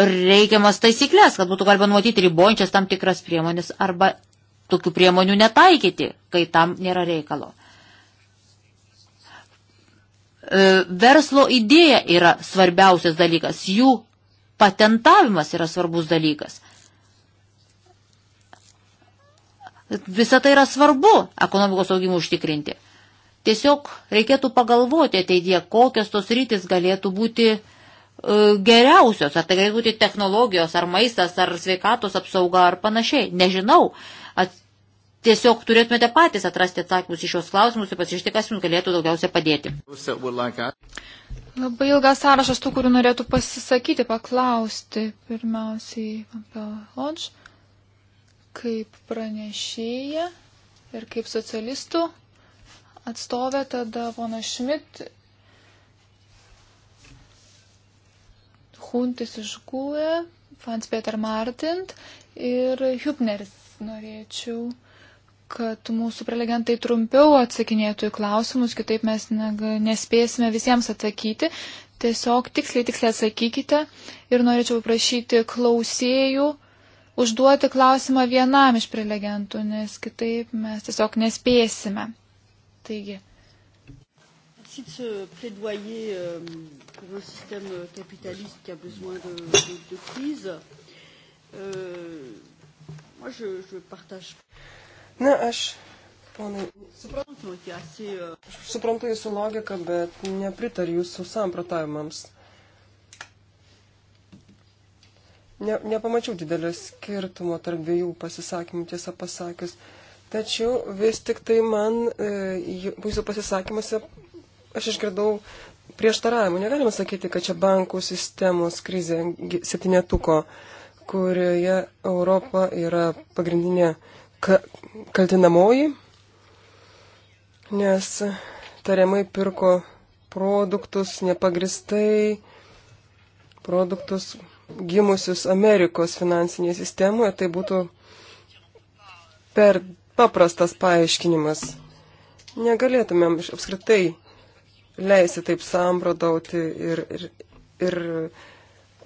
reikiamas taisyklės, kad būtų galima numatyti ribojančias tam tikras priemonės arba tokių priemonių netaikyti, kai tam nėra reikalo. E, verslo idėja yra svarbiausias dalykas, jų patentavimas yra svarbus dalykas. Visą tai yra svarbu ekonomikos augimų užtikrinti. Tiesiog reikėtų pagalvoti ateityje, kokios tos rytis galėtų būti e, geriausios, ar tai galėtų būti technologijos, ar maistas, ar sveikatos apsauga, ar panašiai. Nežinau, At, tiesiog turėtumėte patys atrasti atsakymus iš šios klausimus ir pasišti, kas jums galėtų daugiausia padėti. Labai ilgas sąrašas tų, kurių norėtų pasisakyti, paklausti. Pirmiausiai, Odž, kaip pranešėja ir kaip socialistų atstovė, tada Vona Šmit, Huntis iš Gūė, Fans Peter Martint ir Hübneris norėčiau, kad mūsų prelegentai trumpiau atsakinėtų į klausimus, kitaip mes nespėsime visiems atsakyti. Tiesiog tiksliai, tiksliai atsakykite ir norėčiau prašyti klausėjų užduoti klausimą vienam iš prelegentų, nes kitaip mes tiesiog nespėsime. Taigi. Merci de ce plaidoyer euh, pour un système capitaliste qui a besoin de, de, de crise. Euh, Na, aš, ponai, e, suprantu jūsų logiką, bet nepritariu jūsų samprotavimams. Ne, nepamačiau didelio skirtumo tarp dviejų pasisakymų, tiesą pasakius. Tačiau vis tik tai man e, jūsų pasisakymuose aš išgirdau prieštaravimų. Negalima sakyti, kad čia bankų sistemos krizė septynetuko. E, kurioje Europa yra pagrindinė kaltinamoji, nes tariamai pirko produktus nepagristai, produktus gimusius Amerikos finansinėje sistemoje, tai būtų per paprastas paaiškinimas. Negalėtumėm apskritai leisti taip samprotauti ir, ir, ir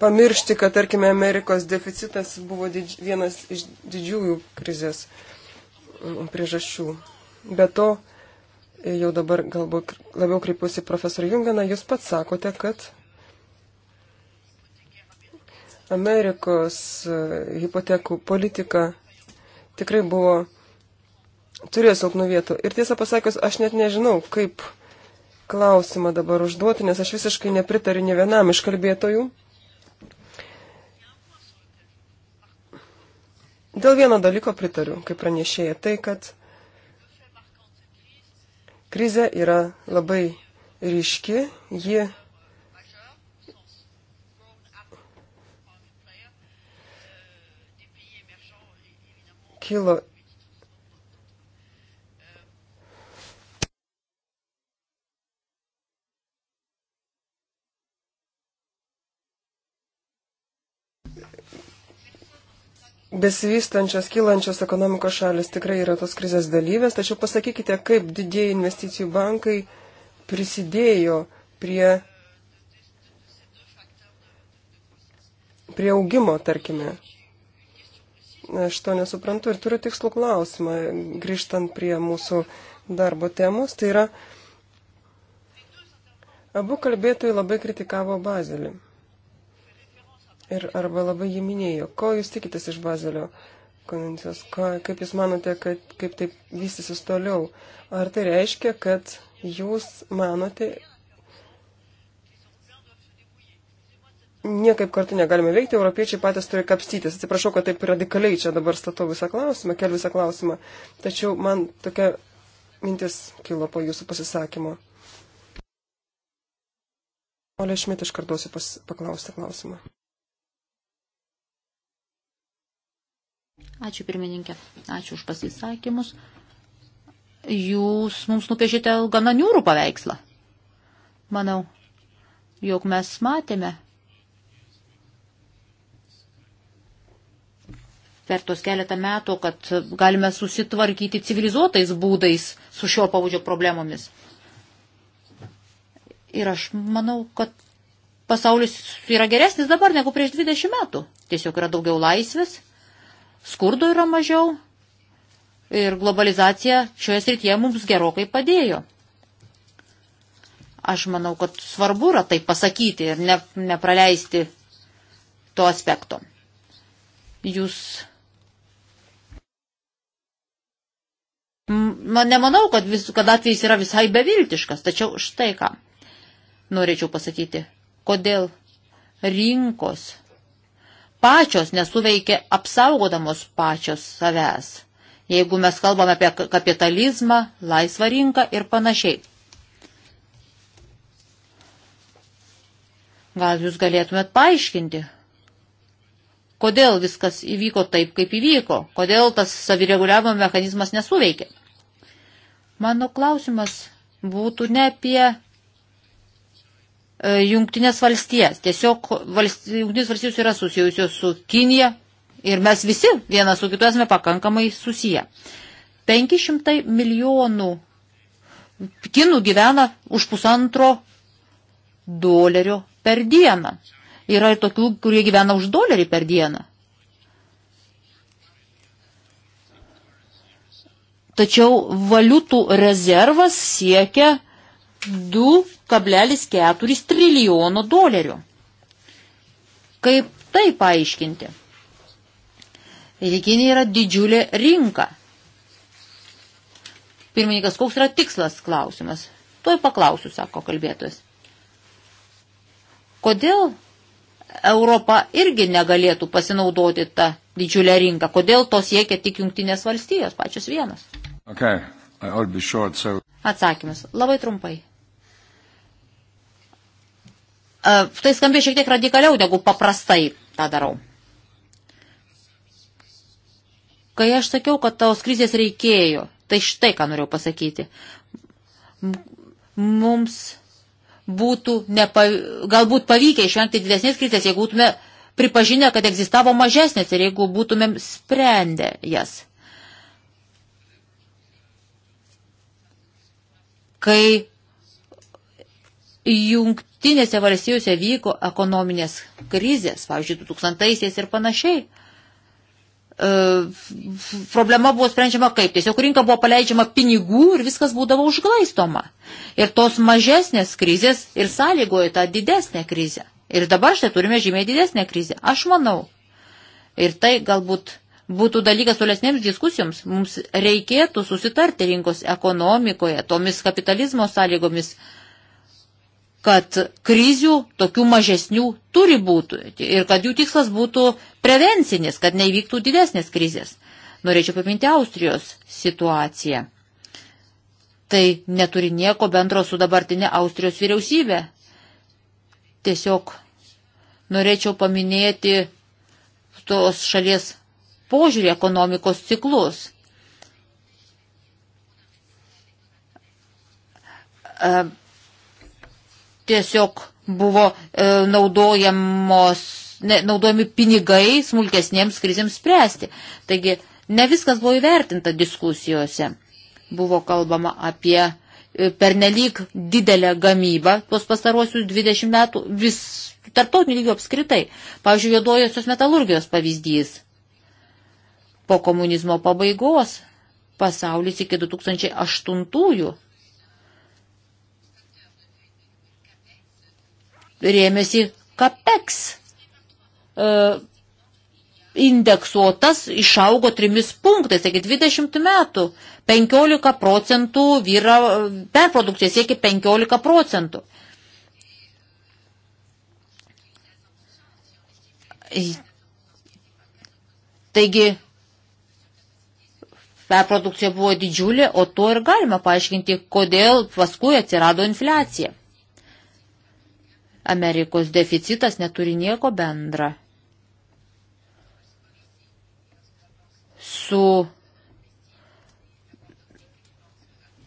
pamiršti, kad, tarkime, Amerikos deficitas buvo didž... vienas iš didžiųjų krizės mm, priežasčių. Be to, e, jau dabar galbūt labiau kreipiuosi profesorių Junganą, jūs pats sakote, kad Amerikos e, hipotekų politika tikrai buvo, turėjo silpnų vietų. Ir tiesą pasakius, aš net nežinau, kaip klausimą dabar užduoti, nes aš visiškai nepritariu ne vienam iš kalbėtojų. Dėl vieno dalyko pritariu, kaip pranešėja, tai, kad krizė yra labai ryški, ji kilo besivystančios, kylančios ekonomikos šalis tikrai yra tos krizės dalyvės, tačiau pasakykite, kaip didieji investicijų bankai prisidėjo prie, prie augimo, tarkime. Aš to nesuprantu ir turiu tikslų klausimą, grįžtant prie mūsų darbo temos. Tai yra, abu kalbėtojai labai kritikavo Bazelį ir arba labai jį minėjo. Ko jūs tikitės iš Bazelio konvencijos? Ko, kaip jūs manote, kad kaip taip vystysis toliau? Ar tai reiškia, kad jūs manote, niekaip kartu negalime veikti, europiečiai patys turi kapstytis. Atsiprašau, kad taip radikaliai čia dabar statau visą klausimą, keliu visą klausimą. Tačiau man tokia mintis kilo po jūsų pasisakymo. Ole Šmit iš kartosiu paklausti klausimą. Ačiū pirmininkė, ačiū už pasisakymus. Jūs mums nupiežite gana niūrų paveikslą. Manau, jog mes matėme per tos keletą metų, kad galime susitvarkyti civilizuotais būdais su šio pavudžio problemomis. Ir aš manau, kad pasaulis yra geresnis dabar negu prieš 20 metų. Tiesiog yra daugiau laisvės, skurdo yra mažiau ir globalizacija šioje srityje mums gerokai padėjo. Aš manau, kad svarbu yra tai pasakyti ir ne, nepraleisti to aspekto. Jūs. Man nemanau, kad, vis, kad atvejs yra visai beviltiškas, tačiau štai ką norėčiau pasakyti. Kodėl rinkos pačios nesuveikia apsaugodamos pačios savęs. Jeigu mes kalbame apie kapitalizmą, laisvą rinką ir panašiai. Gal jūs galėtumėt paaiškinti, kodėl viskas įvyko taip, kaip įvyko, kodėl tas savireguliavimo mechanizmas nesuveikė. Mano klausimas būtų ne apie E, Jungtinės valstijas. Tiesiog valst, Jungtinės valstijos yra susijusios su Kinija ir mes visi vienas su kitu esame pakankamai susiję. 500 milijonų kinų gyvena už pusantro dolerio per dieną. Yra ir tokių, kurie gyvena už dolerį per dieną. Tačiau valiutų rezervas siekia 2 1,4 trilijono dolerių. Kaip tai paaiškinti? Rytinė yra didžiulė rinka. Pirmininkas, koks yra tikslas klausimas? Tuoj paklausiu, sako kalbėtojas. Kodėl Europa irgi negalėtų pasinaudoti tą didžiulę rinką? Kodėl to siekia tik jungtinės valstijos, pačios vienas? Okay. Short, so... Atsakymas labai trumpai. Tai skambia šiek tiek radikaliau, negu paprastai tą darau. Kai aš sakiau, kad tos krizės reikėjo, tai štai ką norėjau pasakyti. Mums būtų nepa, galbūt pavykę išvengti didesnės krizės, jeigu būtume pripažinę, kad egzistavo mažesnės ir jeigu būtumėm sprendę jas. Kai jungtinėse valstijose vyko ekonominės krizės, pavyzdžiui, 2000-aisiais ir panašiai. E, problema buvo sprendžiama kaip? Tiesiog rinka buvo paleidžiama pinigų ir viskas būdavo užglaistoma. Ir tos mažesnės krizės ir sąlygoja tą didesnę krizę. Ir dabar štai turime žymiai didesnę krizę. Aš manau. Ir tai galbūt būtų dalykas tolesnėms diskusijoms. Mums reikėtų susitarti rinkos ekonomikoje, tomis kapitalizmo sąlygomis kad krizių tokių mažesnių turi būti ir kad jų tikslas būtų prevencinis, kad neįvyktų didesnės krizės. Norėčiau paminti Austrijos situaciją. Tai neturi nieko bendro su dabartinė Austrijos vyriausybė. Tiesiog norėčiau paminėti tos šalies požiūrį ekonomikos ciklus. E, tiesiog buvo e, naudojamos, ne, naudojami pinigai smulkesniems krizėms spręsti. Taigi ne viskas buvo įvertinta diskusijose. Buvo kalbama apie e, pernelyg didelę gamybą tuos pastaruosius 20 metų vis tarptautinių lygių apskritai. Pavyzdžiui, juodojosios metalurgijos pavyzdys. Po komunizmo pabaigos pasaulis iki 2008 rėmėsi kapeks e, indeksuotas išaugo 3 punktais, taigi 20 metų. 15 procentų vyra perprodukcija siekia 15 procentų. Taigi, perprodukcija buvo didžiulė, o to ir galima paaiškinti, kodėl paskui atsirado infliacija. Amerikos deficitas neturi nieko bendra su,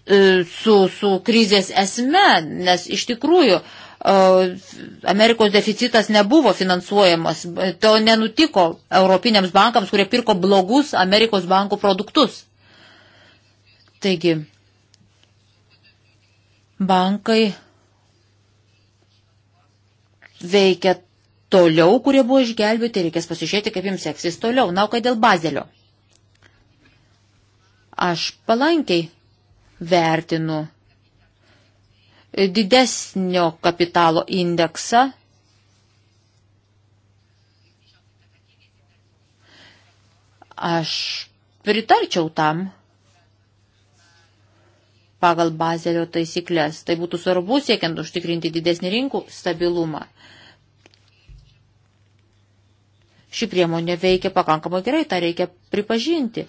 e, su, su krizės esme, nes iš tikrųjų e, Amerikos deficitas nebuvo finansuojamas. To nenutiko europiniams bankams, kurie pirko blogus Amerikos bankų produktus. Taigi, bankai veikia toliau, kurie buvo išgelbėti, reikės pasižiūrėti, kaip jums seksis toliau. Na, o kai dėl bazelio. Aš palankiai vertinu didesnio kapitalo indeksą. Aš pritarčiau tam pagal bazelio taisyklės. Tai būtų svarbu siekiant užtikrinti didesnį rinkų stabilumą. Ši priemonė veikia pakankamai gerai, tą reikia pripažinti.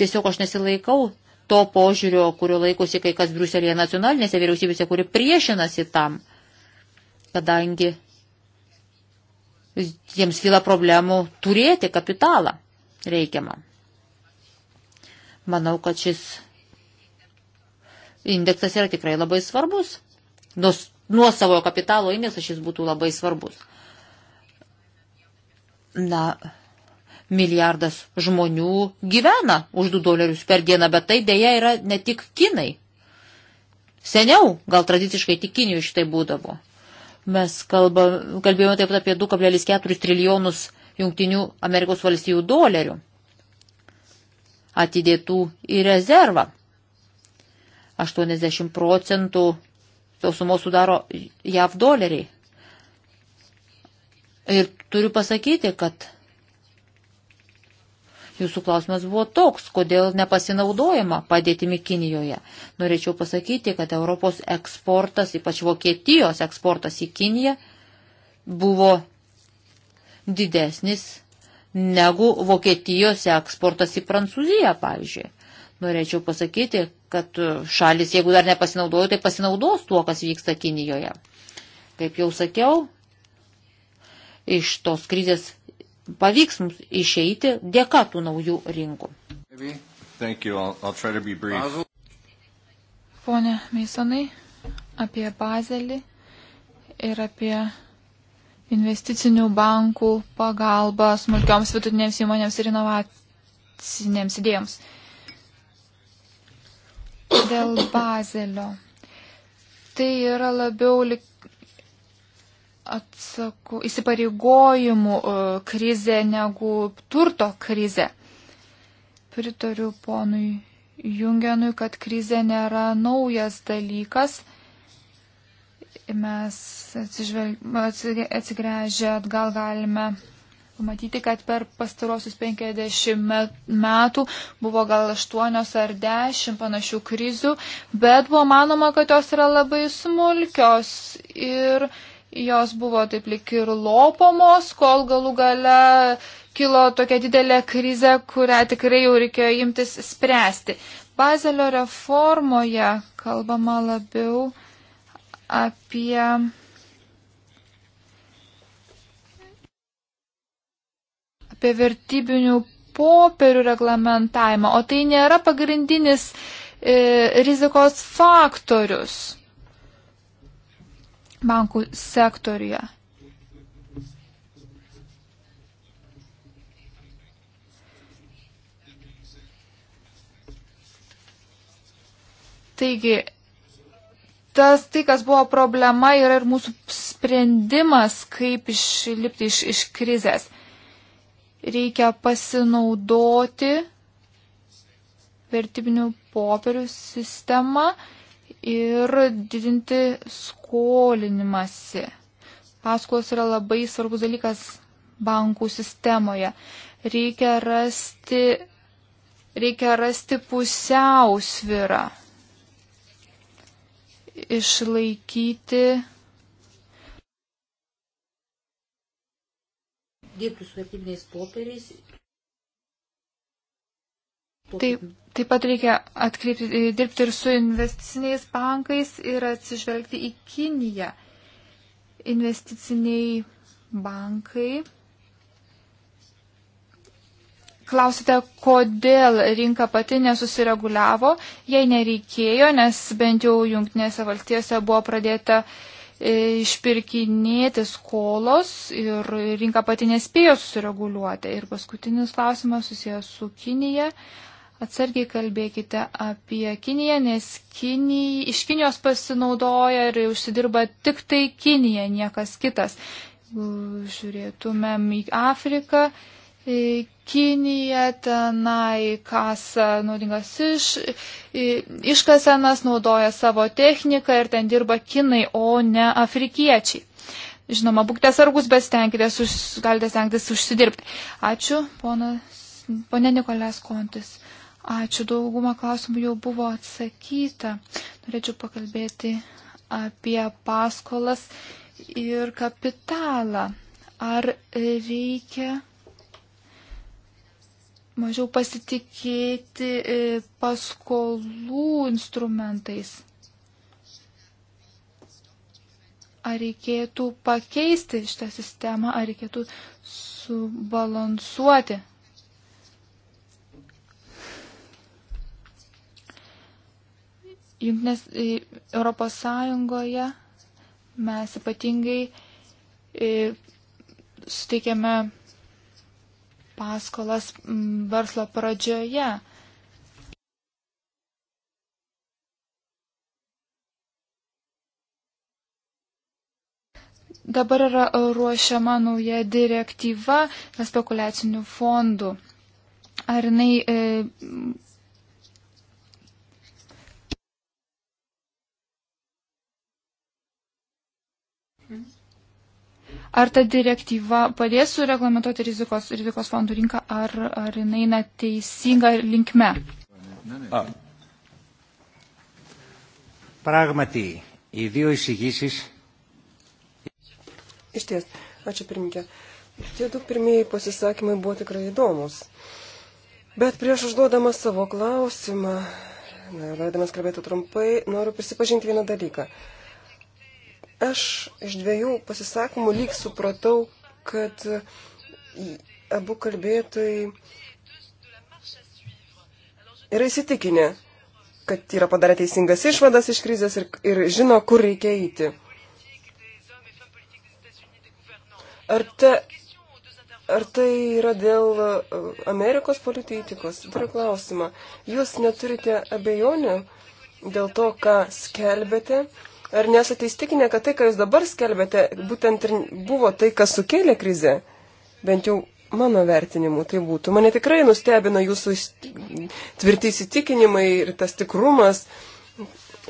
Tiesiog aš nesilaikau to požiūrio, kurio laikosi kai kas Briuselėje nacionalinėse vyriausybėse, kuri priešinasi tam, kadangi jiems fila problemų turėti kapitalą reikiamą. Manau, kad šis indeksas yra tikrai labai svarbus. Nors nuo savojo kapitalo indeksas šis būtų labai svarbus. Na, milijardas žmonių gyvena už 2 dolerius per dieną, bet tai dėja yra ne tik kinai. Seniau, gal tradiciškai tik kinijų šitai būdavo. Mes kalba, kalbėjome taip pat apie 2,4 trilijonus jungtinių Amerikos valstijų dolerių atidėtų į rezervą. 80 procentų tos sumos sudaro JAV doleriai. Ir turiu pasakyti, kad jūsų klausimas buvo toks, kodėl nepasinaudojama padėtimi Kinijoje. Norėčiau pasakyti, kad Europos eksportas, ypač Vokietijos eksportas į Kiniją, buvo didesnis negu Vokietijos eksportas į Prancūziją, pavyzdžiui. Norėčiau pasakyti, kad šalis, jeigu dar nepasinaudojo, tai pasinaudos tuo, kas vyksta Kinijoje. Kaip jau sakiau, iš tos krizės pavyks mums išeiti dėka tų naujų rinkų. Pone Meisonai, apie Bazelį ir apie investicinių bankų pagalbą smulkioms vidutinėms įmonėms ir inovacinėms idėjams dėl bazelio. Tai yra labiau lik atsakų, įsipareigojimų e, krizė negu turto krizė. Pritariu ponui Jungenui, kad krizė nėra naujas dalykas. Mes atsigręžę atgal galime pamatyti, kad per pastarosius 50 metų buvo gal 8 ar 10 panašių krizių, bet buvo manoma, kad jos yra labai smulkios ir jos buvo taip lik ir lopomos, kol galų gale kilo tokia didelė krizė, kurią tikrai jau reikėjo imtis spręsti. Bazelio reformoje kalbama labiau apie apie vertybinių popierių reglamentavimą, o tai nėra pagrindinis e, rizikos faktorius bankų sektoriuje. Taigi, tas tai, kas buvo problema, yra ir mūsų sprendimas, kaip išlipti iš, iš krizės reikia pasinaudoti vertybinių popierių sistemą ir didinti skolinimąsi. Paskolos yra labai svarbus dalykas bankų sistemoje. Reikia rasti, reikia rasti pusiausvirą. Išlaikyti dirbti su vertybiniais popieriais. Taip, taip pat reikia atkreipti, e, dirbti ir su investiciniais bankais ir atsižvelgti į Kiniją. Investiciniai bankai. Klausite, kodėl rinka pati nesusireguliavo, jei nereikėjo, nes bent jau Junktinėse valstijose buvo pradėta uh, E, išpirkinėti skolos ir rinka pati nespėjo susireguliuoti. Ir paskutinis klausimas susijęs su Kinija. Atsargiai kalbėkite apie Kiniją, nes Kinij, iš Kinijos pasinaudoja ir užsidirba tik tai Kinija, niekas kitas. Žiūrėtumėm į Afriką Kinija tenai kasa naudingas iš, iškasenas, naudoja savo techniką ir ten dirba kinai, o ne afrikiečiai. Žinoma, būkite sargus, bet stenkitės, už, galite stengtis užsidirbti. Ačiū, ponas, ponė Nikolės Kontis. Ačiū, daugumą klausimų jau buvo atsakyta. Norėčiau pakalbėti apie paskolas ir kapitalą. Ar reikia mažiau pasitikėti e, paskolų instrumentais. Ar reikėtų pakeisti šitą sistemą, ar reikėtų subalansuoti. Junknės e, Europos Sąjungoje mes ypatingai e, suteikėme paskolas verslo pradžioje. Dabar yra ruošiama nauja direktyva spekulacinių fondų. Ar jinai e, Ar ta direktyva padės sureglamentuoti rizikos, rizikos fondų rinką, ar, ar jinai eina teisinga linkme? A. Πράγματι, οι δύο εισηγήσεις... Iš ties, ačiū pirmininkė. Tie du pirmieji pasisakymai buvo tikrai įdomus. Bet prieš užduodamas savo klausimą, na, leidamas kalbėti trumpai, noriu prisipažinti vieną dalyką. Uh, Aš iš dviejų pasisakymų lyg supratau, kad abu kalbėtojai yra įsitikinę, kad yra padarę teisingas išvadas iš krizės ir, ir žino, kur reikia eiti. Ar, ta, ar tai yra dėl uh, Amerikos politikos? Turiu klausimą. Jūs neturite abejonių dėl to, ką skelbėte Ar nesate įstikinę, kad tai, ką jūs dabar skelbėte, būtent ir buvo tai, kas sukėlė krizę? Bent jau mano vertinimu tai būtų. Mane tikrai nustebino jūsų tvirti įsitikinimai ir tas tikrumas.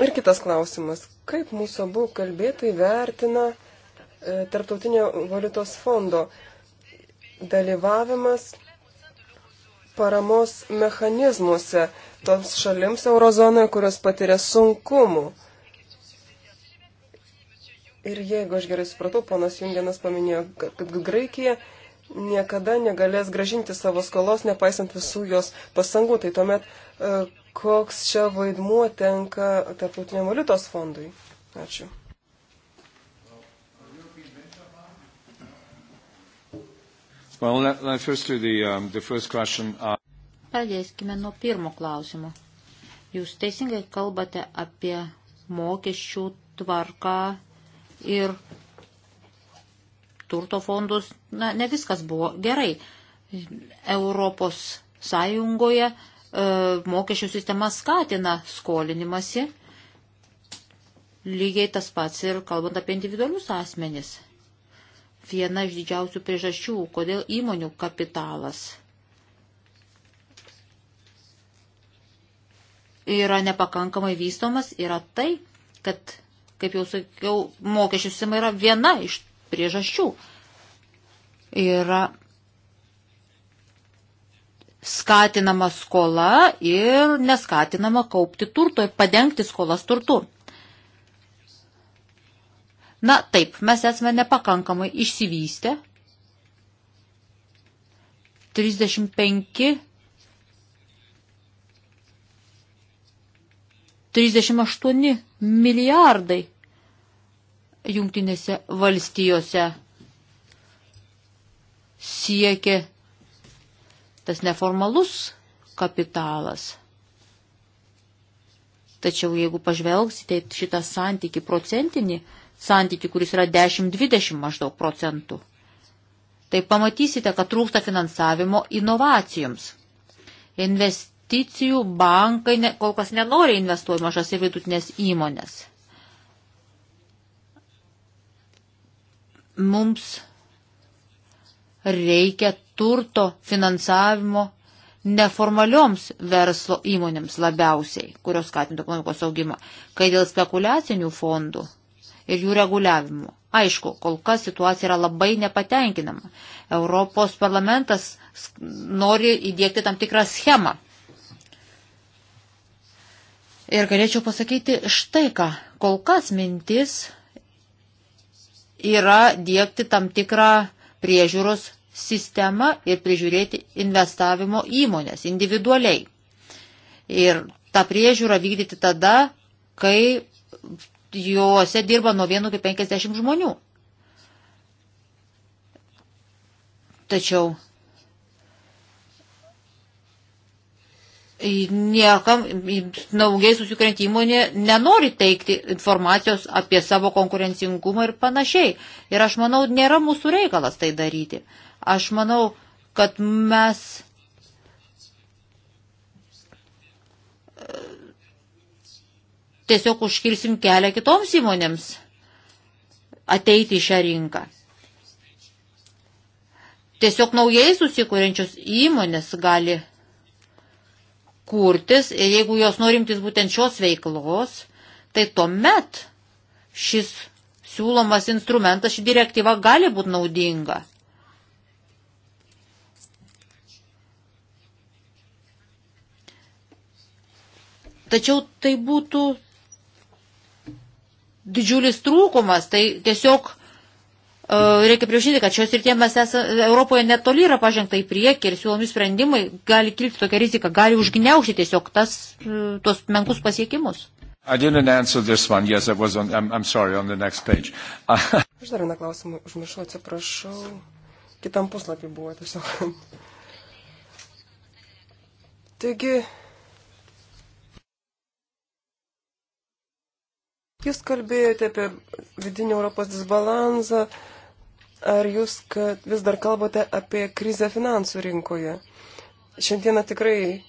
Ir kitas klausimas. Kaip mūsų abu kalbėtai vertina e, Tartautinio valiutos fondo dalyvavimas paramos mechanizmuose toms šalims eurozonoje, kurios patiria sunkumų? Ir jeigu aš gerai supratau, ponas Jungenas paminėjo, kad, kad Graikija niekada negalės gražinti savo skolos, nepaisant visų jos pasangų. Tai tuomet e, koks čia vaidmuo tenka Tarptautinio valiutos fondui? Ačiū. Well, let, let first to the, um, the first question. Uh... Pradėskime nuo pirmo klausimo. Jūs teisingai kalbate apie mokesčių tvarką ir turto fondus, na, ne viskas buvo gerai. Europos Sąjungoje e, mokesčių sistema skatina skolinimasi, lygiai tas pats ir kalbant apie individualius asmenis. Viena iš didžiausių priežasčių, kodėl įmonių kapitalas yra nepakankamai vystomas, yra tai, kad Kaip jau sakiau, mokesčių sistema yra viena iš priežasčių. Yra skatinama skola ir neskatinama kaupti turto ir padengti skolas turtu. Na taip, mes esame nepakankamai išsivystę. 35 38 milijardai jungtinėse valstijose siekia tas neformalus kapitalas. Tačiau jeigu pažvelgsite šitą santyki procentinį, santyki, kuris yra 10-20 maždaug procentų, tai pamatysite, kad trūksta finansavimo inovacijoms. Invest investicijų bankai ne, kol kas nenori investuoti mažas ir vidutinės įmonės. Mums reikia turto finansavimo neformalioms verslo įmonėms labiausiai, kurios skatintų ekonomikos augimą, kai dėl spekulacinių fondų ir jų reguliavimo. Aišku, kol kas situacija yra labai nepatenkinama. Europos parlamentas nori įdėkti tam tikrą schemą Ir galėčiau pasakyti štai ką. Kol kas mintis yra dėkti tam tikrą priežiūros sistemą ir prižiūrėti investavimo įmonės individualiai. Ir tą priežiūrą vykdyti tada, kai juose dirba nuo 1 iki 50 žmonių. Tačiau niekam naujai susikuriant įmonė nenori teikti informacijos apie savo konkurencingumą ir panašiai. Ir aš manau, nėra mūsų reikalas tai daryti. Aš manau, kad mes e, tiesiog užkirsim kelią kitoms įmonėms ateiti į šią rinką. Tiesiog naujai susikūrenčios įmonės gali kurtis ir jeigu jos norimtis būtent šios veiklos, tai tuomet šis siūlomas instrumentas, ši direktyva gali būti naudinga. Tačiau tai būtų didžiulis trūkumas, tai tiesiog E, reikia priešinti, kad šios rytie mes esame, Europoje netoli yra pažengta į priekį ir siūlomi sprendimai gali kilti tokia rizika, gali užgniaužti tiesiog tas, e, tuos menkus pasiekimus. I didn't answer this one. Yes, I was on, I'm, I'm sorry, on the next page. Aš dar vieną klausimą užmiršau, atsiprašau. Kitam puslapį buvo tiesiog. Taigi, jūs kalbėjote apie vidinį Europos disbalansą, ar jūs vis dar kalbate apie krizę finansų rinkoje? Šiandieną tikrai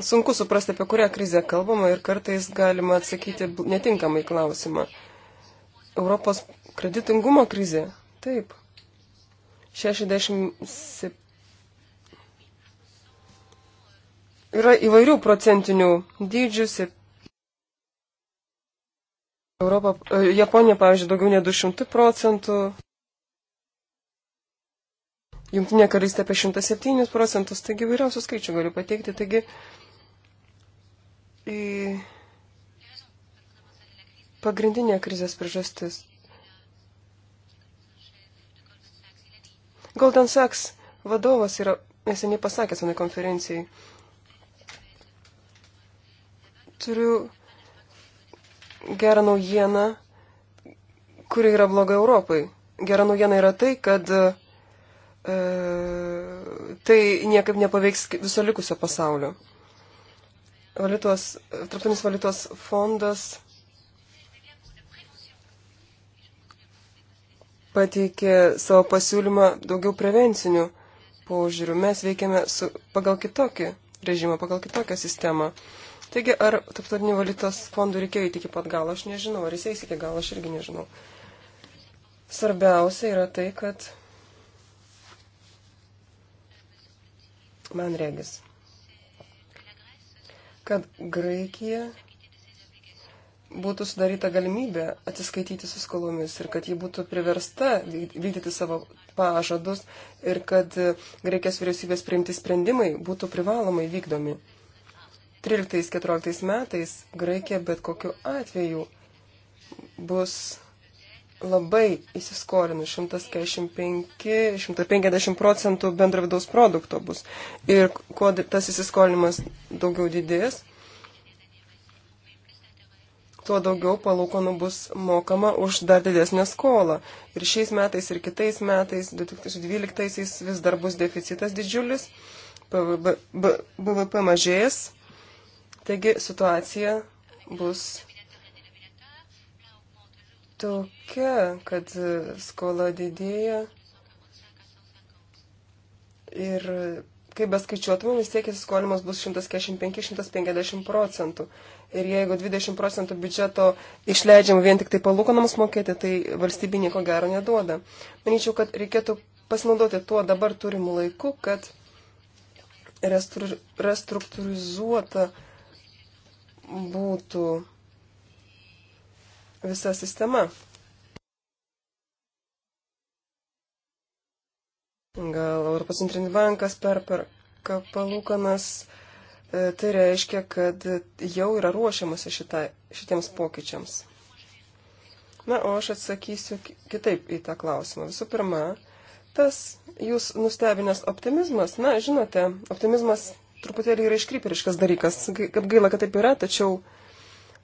sunku suprasti, apie kurią krizę kalbama ir kartais galima atsakyti netinkamai klausimą. Europos kreditingumo krizė. Taip. 67. Yra įvairių procentinių dydžių, Europa, e, Japonija, pavyzdžiui, daugiau nei 200 procentų, Junktinė karalystė apie 107 procentus, taigi vairiausių skaičių galiu pateikti. Taigi, į pagrindinė krizės priežastis. Golden Sachs vadovas yra neseniai pasakęs vienai konferencijai. Turiu gerą naujieną, kuri yra bloga Europai. Gera naujiena yra tai, kad e, tai niekaip nepaveiks viso likusio pasaulio. Valytos, Tarptautinis valytos fondas pateikė savo pasiūlymą daugiau prevencinių požiūrių. Mes veikiame su, pagal kitokį režimą, pagal kitokią sistemą. E, Taigi, ar taptarnių valiutos fondų reikėjo įti iki pat galo, aš nežinau, ar jis eis iki galo, aš irgi nežinau. Svarbiausia yra tai, kad man regis, kad Graikija būtų sudaryta galimybė atsiskaityti su skolomis ir kad ji būtų priversta vykdyti savo pažadus ir kad Graikijos vyriausybės priimti sprendimai būtų privalomai vykdomi. 13-14 metais Graikija bet kokiu atveju bus labai įsiskolinus 145-150 procentų bendro vidaus produkto bus. Ir kuo tas įsiskolinimas daugiau didės, tuo daugiau palūkonų bus mokama už dar didesnę skolą. Ir šiais metais, ir kitais metais, 2012 vis dar bus deficitas didžiulis, BVP mažės Taigi situacija bus tokia, kad skola didėja ir kaip beskaičiuotumėm, vis tiek įsiskolimas bus 145-150 procentų. Ir jeigu 20 procentų biudžeto išleidžiam vien tik tai palūkanams mokėti, tai valstybė nieko gero neduoda. Manyčiau, kad reikėtų pasinaudoti tuo dabar turimu laiku, kad restruktūrizuota. Restru būtų visa sistema. Gal Europos centrinis bankas perperka palūkanas, e, tai reiškia, kad jau yra ruošiamasi šita, šitiems pokyčiams. Na, o aš atsakysiu kitaip į tą klausimą. Visų pirma, tas jūs nustebinęs optimizmas, na, žinote, optimizmas truputėlį yra iškrypiriškas dalykas. Kaip gaila, kad taip yra, tačiau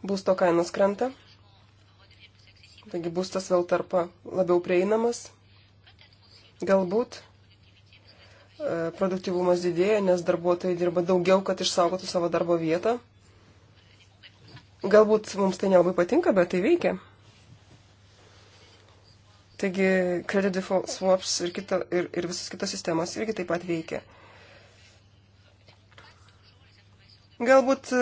būsto kainos krenta. Taigi būstas vėl tarpa labiau prieinamas. Galbūt e, produktivumas didėja, nes darbuotojai dirba daugiau, kad išsaugotų savo darbo vietą. Galbūt mums tai nelabai patinka, bet tai veikia. Taigi credit default swaps ir, kita, ir, ir visos kitos sistemos irgi taip pat veikia. Galbūt e,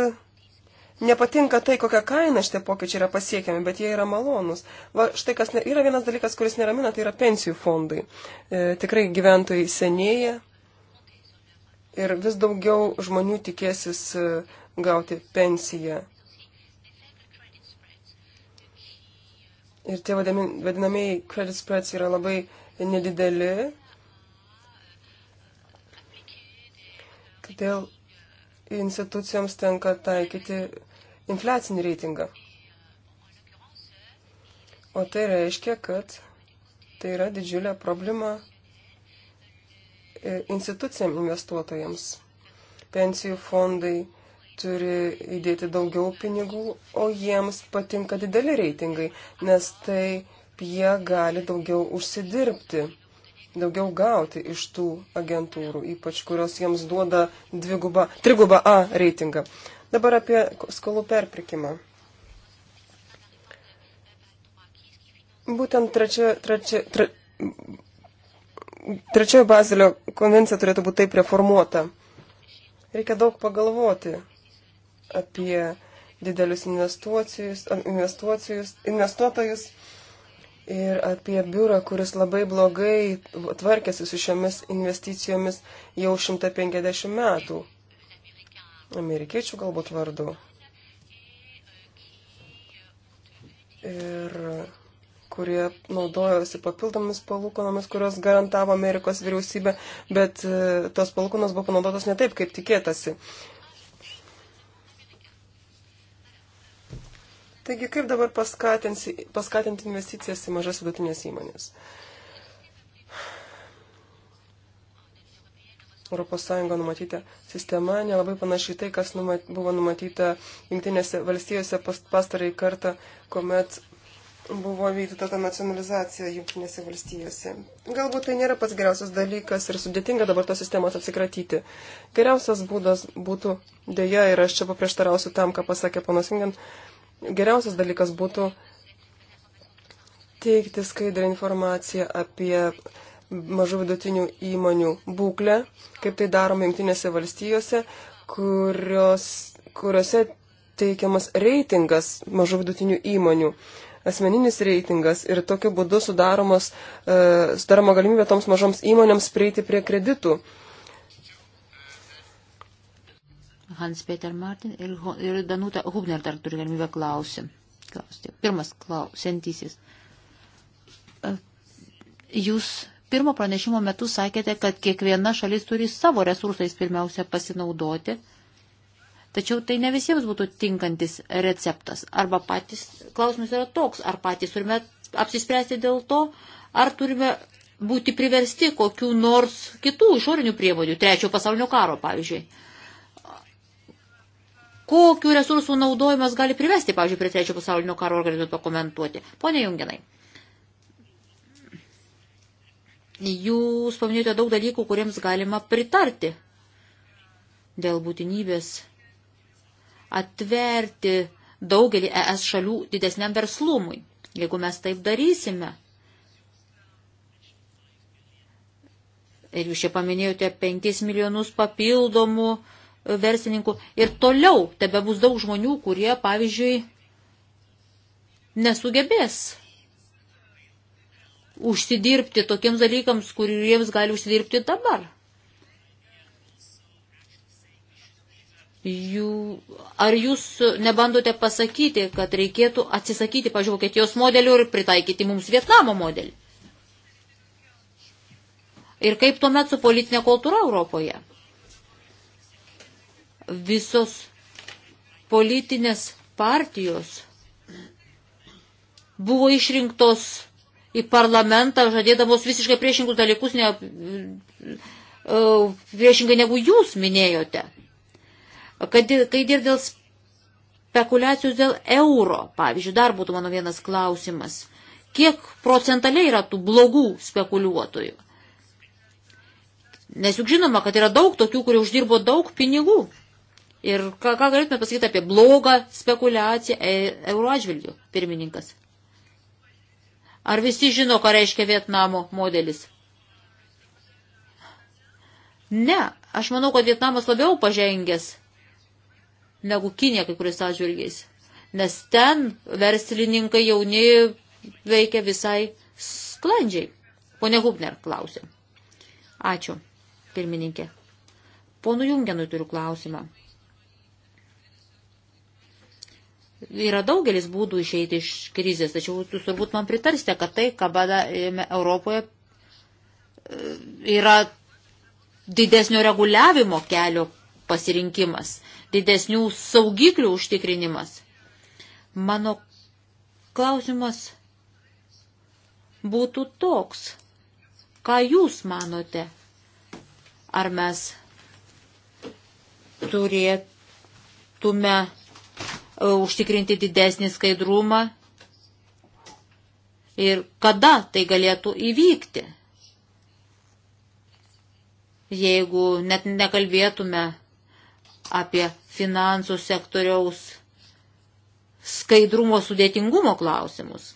nepatinka tai, kokią kainą šitie pokyčiai yra pasiekiami, bet jie yra malonūs. Va, štai kas ne, yra vienas dalykas, kuris neramina, tai yra pensijų fondai. E, tikrai gyventojai senėja ir vis daugiau žmonių tikėsis e, gauti pensiją. Ir tie vadinamieji credit spreads yra labai nedideli. Todėl institucijoms tenka taikyti infliacinį reitingą. O tai reiškia, kad tai yra didžiulė problema e, institucijam investuotojams. Pensijų fondai turi įdėti daugiau pinigų, o jiems patinka dideli reitingai, nes tai jie gali daugiau užsidirbti daugiau gauti iš tų agentūrų, ypač kurios jiems duoda dvigubą, trigubą A reitingą. Dabar apie skolų perpirkimą. Būtent trečia, trečia, tre, trečiojo Bazilio konvencija turėtų būti taip reformuota. Reikia daug pagalvoti apie didelius investuotojus, investuotojus, investuotojus ir apie biurą, kuris labai blogai tvarkėsi su šiomis investicijomis jau 150 metų. Amerikiečių galbūt vardu. Ir kurie naudojosi papildomis palūkonomis, kurios garantavo Amerikos vyriausybė, bet e, tos palūkonos buvo panaudotos ne taip, kaip tikėtasi. Uh, Taigi kaip dabar paskatinti investicijas į mažas vidutinės įmonės? ES numatyta sistema nelabai panašiai tai, kas numat, buvo numatyta Junktinėse valstijose pastarai kartą, kuomet buvo vykdyta ta nacionalizacija Junktinėse valstijose. Galbūt tai nėra pats geriausias dalykas ir sudėtinga dabar tos sistemos atsikratyti. Geriausias būdas būtų, dėja, ir aš čia paprieštarausiu tam, ką pasakė panas Vingen, geriausias dalykas būtų teikti skaidrę informaciją apie mažų vidutinių įmonių būklę, kaip tai daroma jungtinėse valstijose, kurios, kuriuose teikiamas reitingas mažų vidutinių įmonių, asmeninis reitingas ir tokiu būdu sudaromos, uh, e, sudaroma galimybė toms mažoms įmonėms prieiti prie kreditų. Uh, Hans-Peter Martin ir, ir Danuta Hubner dar turi galimybę klausti. klausti. Pirmas klausantisis. E, jūs pirmo pranešimo metu sakėte, kad kiekviena šalis turi savo resursais pirmiausia pasinaudoti, tačiau tai ne visiems būtų tinkantis receptas. Arba patys, klausimas yra toks, ar patys turime apsispręsti dėl to, ar turime būti priversti kokių nors kitų išorinių priemonių, trečiojo pasaulinio karo, pavyzdžiui kokių resursų naudojimas gali privesti, pavyzdžiui, prie trečio pasaulinio karo organizuotų pakomentuoti. Pone Jungenai, jūs paminėjote daug dalykų, kuriems galima pritarti dėl būtinybės atverti daugelį ES šalių didesniam verslumui. Jeigu mes taip darysime, ir jūs čia paminėjote 5 milijonus papildomų verslininkų ir toliau tebe bus daug žmonių, kurie, pavyzdžiui, nesugebės užsidirbti tokiems dalykams, kuriems gali užsidirbti dabar. Jų, ar jūs nebandote pasakyti, kad reikėtų atsisakyti, pažiūrėjau, Vokietijos modelių ir pritaikyti mums Vietnamo modelį? Ir kaip tuomet su politinė kultūra Europoje? visos politinės partijos buvo išrinktos į parlamentą, žadėdamos visiškai priešingus dalykus, ne, e, priešingai negu jūs minėjote. Kad, kai ir dėl spekulacijos dėl euro, pavyzdžiui, dar būtų mano vienas klausimas. Kiek procentaliai yra tų blogų spekuliuotojų? Nes juk žinoma, kad yra daug tokių, kurie uždirbo daug pinigų Ir ką, ką galėtume pasakyti apie blogą spekuliaciją e, euro atžvilgių, pirmininkas? Ar visi žino, ką reiškia Vietnamo modelis? Ne, aš manau, kad Vietnamas labiau pažengęs negu Kinė kai kuris atžvilgiais. Nes ten verslininkai jauni veikia visai sklandžiai. Pone Hubner klausė. Ačiū, pirmininkė. Ponu Jungenui turiu klausimą. Yra daugelis būdų išeiti iš krizės, tačiau jūs turbūt man pritarsite, kad tai, ką badame e, Europoje, e, yra didesnio reguliavimo kelio pasirinkimas, didesnių saugiklių užtikrinimas. Mano klausimas būtų toks. Ką jūs manote? Ar mes turėtume užtikrinti didesnį skaidrumą ir kada tai galėtų įvykti. Jeigu net nekalbėtume apie finansų sektoriaus skaidrumo sudėtingumo klausimus.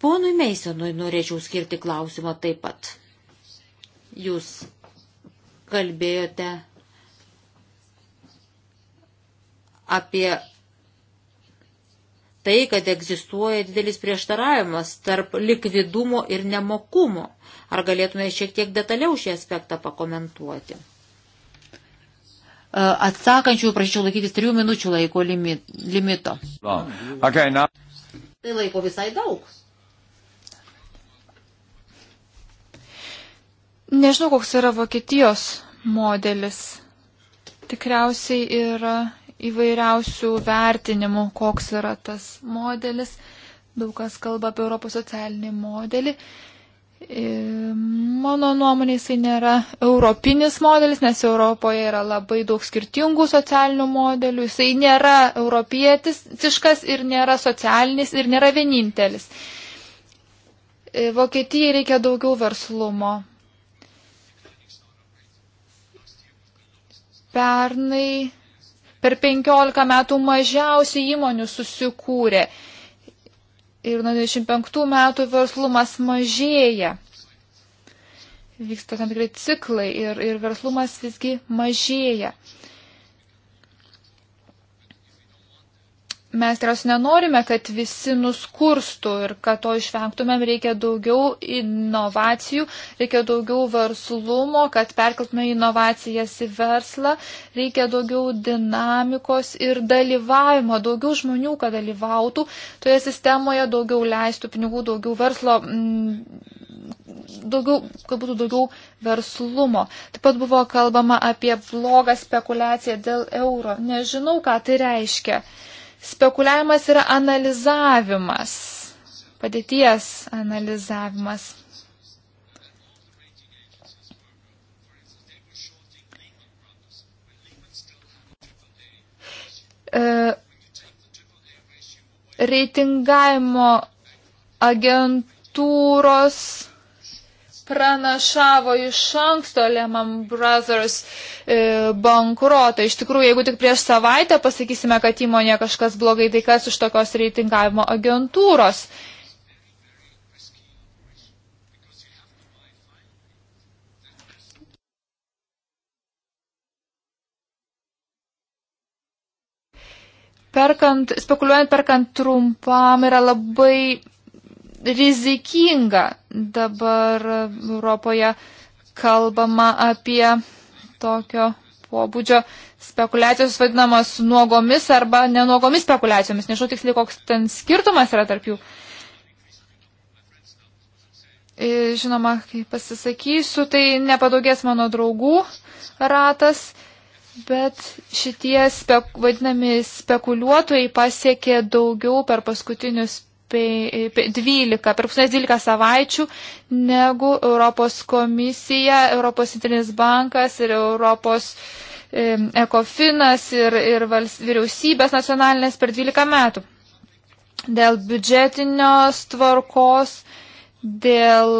Ponui Meisonui norėčiau skirti klausimą taip pat. Jūs kalbėjote apie tai, kad egzistuoja didelis prieštaravimas tarp likvidumo ir nemokumo. Ar galėtume šiek tiek detaliau šį aspektą pakomentuoti? E, atsakančių prašyčiau laikytis trijų minučių laiko limito. No. Okay, now... Tai laiko visai daug. Nežinau, koks yra Vokietijos modelis. Tikriausiai yra įvairiausių vertinimų, koks yra tas modelis. Daug kas kalba apie Europos socialinį modelį. E, mano nuomonė jisai nėra europinis modelis, nes Europoje yra labai daug skirtingų socialinių modelių. Jisai nėra europietiškas ir nėra socialinis ir nėra vienintelis. E, Vokietijai reikia daugiau verslumo. Pernai Per 15 metų mažiausiai įmonių susikūrė. Ir nuo 25 metų verslumas mažėja. Vyksta tam tikrai ciklai ir, ir verslumas visgi mažėja. mes tikriausiai nenorime, kad visi nuskurstų ir kad to išvengtumėm, reikia daugiau inovacijų, reikia daugiau verslumo, kad perkeltume inovacijas į verslą, reikia daugiau dinamikos ir dalyvavimo, daugiau žmonių, kad dalyvautų toje sistemoje, daugiau leistų pinigų, daugiau verslo, mm, daugiau, kad būtų daugiau verslumo. Taip pat buvo kalbama apie blogą spekulaciją dėl euro. Nežinau, ką tai reiškia. Spekuliavimas yra analizavimas, padėties analizavimas. E, reitingavimo agentūros pranašavo iš anksto Lehman Brothers e, bankrotą. Iš tikrųjų, jeigu tik prieš savaitę pasakysime, kad įmonė kažkas blogai, tai kas iš tokios reitingavimo agentūros? Perkant, spekuliuojant perkant trumpam yra labai rizikinga. Dabar Europoje kalbama apie tokio pobūdžio spekulacijos vadinamas nuogomis arba nenuogomis spekulacijomis. Nežinau tiksliai, koks ten skirtumas yra tarp jų. E, žinoma, kai pasisakysiu, tai nepadaugės mano draugų ratas, bet šitie spek, vadinami spekuliuotojai pasiekė daugiau per paskutinius 12, per pusės 12 savaičių, negu Europos komisija, Europos centrinis bankas ir Europos ekofinas ir, ir vals, vyriausybės nacionalinės per 12 metų. Dėl biudžetinios tvarkos, dėl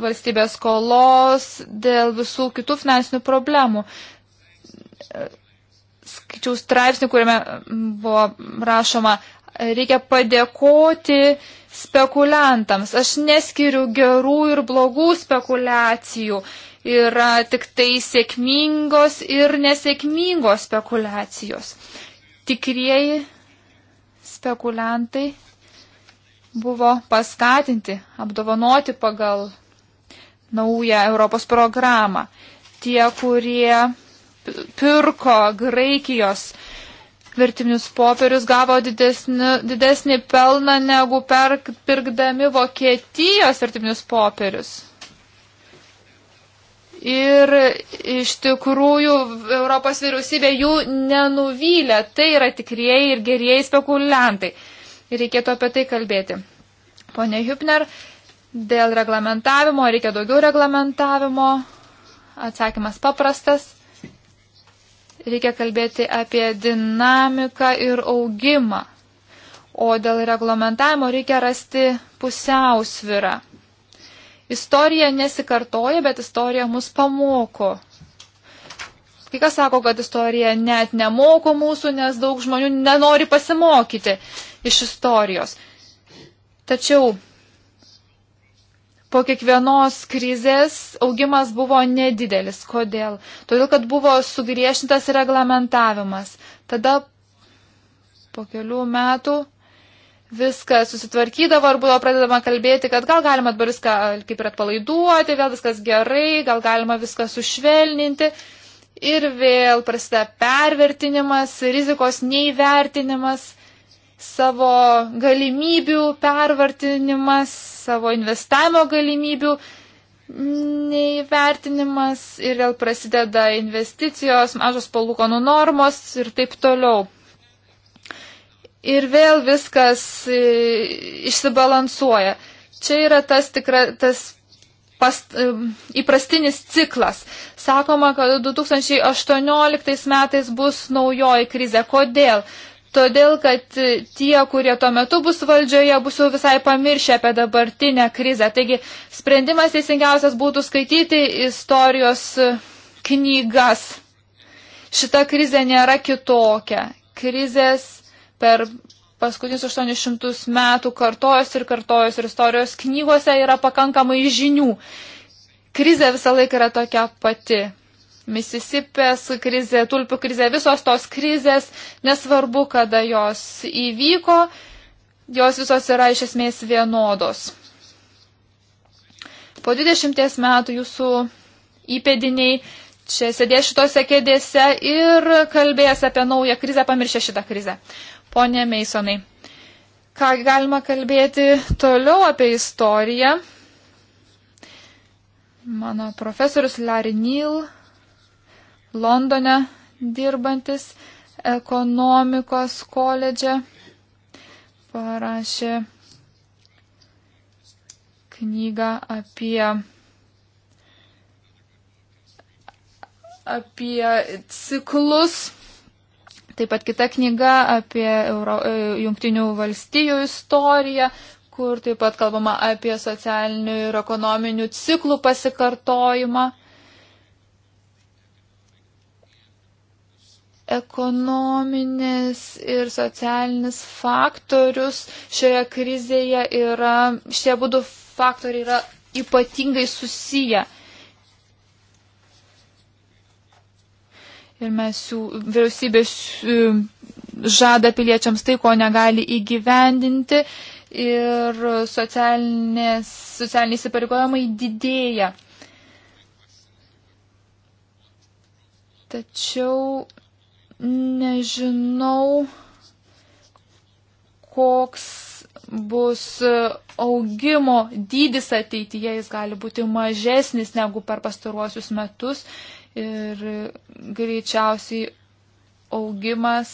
valstybės skolos, dėl visų kitų finansinių problemų skaičiau straipsnį, kuriame buvo rašoma reikia padėkoti spekuliantams. Aš neskiriu gerų ir blogų spekulacijų. Yra tik tai sėkmingos ir nesėkmingos spekulacijos. Tikrieji spekuliantai buvo paskatinti, apdovanoti pagal naują Europos programą. Tie, kurie pirko Graikijos vertinius popierius gavo didesnį, didesnį pelną negu perk, pirkdami Vokietijos vertinius popierius. Ir iš tikrųjų Europos vyriausybė jų nenuvylė. Tai yra tikrieji ir gerieji spekuliantai. Ir reikėtų apie tai kalbėti. Pone Hübner, dėl reglamentavimo reikia daugiau reglamentavimo. Atsakymas paprastas Reikia kalbėti apie dinamiką ir augimą. O dėl reglamentavimo reikia rasti pusiausvirą. Istorija nesikartoja, bet istorija mus pamoko. Kai kas sako, kad istorija net nemoko mūsų, nes daug žmonių nenori pasimokyti iš istorijos. Tačiau po kiekvienos krizės augimas buvo nedidelis. Kodėl? Todėl, kad buvo sugriešintas reglamentavimas. Tada po kelių metų viskas susitvarkydavo ir buvo pradedama kalbėti, kad gal galima dabar viską kaip ir atpalaiduoti, vėl viskas gerai, gal galima viską sušvelninti. Ir vėl prasideda pervertinimas, rizikos neįvertinimas savo galimybių pervartinimas, savo investavimo galimybių neįvertinimas ir vėl prasideda investicijos, mažos palūkonų normos ir taip toliau. Ir vėl viskas e, išsibalansuoja. Čia yra tas, tikra, tas past, e, įprastinis ciklas. Sakoma, kad 2018 metais bus naujoji krizė. Kodėl? todėl kad tie, kurie tuo metu bus valdžioje, bus jau visai pamiršę apie dabartinę krizę. Taigi sprendimas teisingiausias būtų skaityti istorijos knygas. Šita krizė nėra kitokia. Krizės per paskutinius 800 metų kartojos ir kartojos ir istorijos knygose yra pakankamai žinių. Krizė visą laiką yra tokia pati. Misisipės krizė, tulpių krizė, visos tos krizės, nesvarbu, kada jos įvyko, jos visos yra iš esmės vienodos. Po 20 metų jūsų įpėdiniai čia sėdės šitose kėdėse ir kalbės apie naują krizę, pamiršę šitą krizę. Pone Meisonai, ką galima kalbėti toliau apie istoriją? Mano profesorius Larry Neal Londone dirbantis ekonomikos koledže parašė knygą apie, apie ciklus. Taip pat kita knyga apie Euro, e, Junktinių valstijų istoriją, kur taip pat kalbama apie socialinių ir ekonominių ciklų pasikartojimą. ekonominis ir socialinis faktorius šioje krizėje yra, šie būdų faktoriai yra ypatingai susiję. Ir mes jų vyriausybės žada piliečiams tai, ko negali įgyvendinti ir socialiniai įsipareigojimai didėja. Tačiau Nežinau, koks bus augimo dydis ateityje, jis gali būti mažesnis negu per pastaruosius metus ir greičiausiai augimas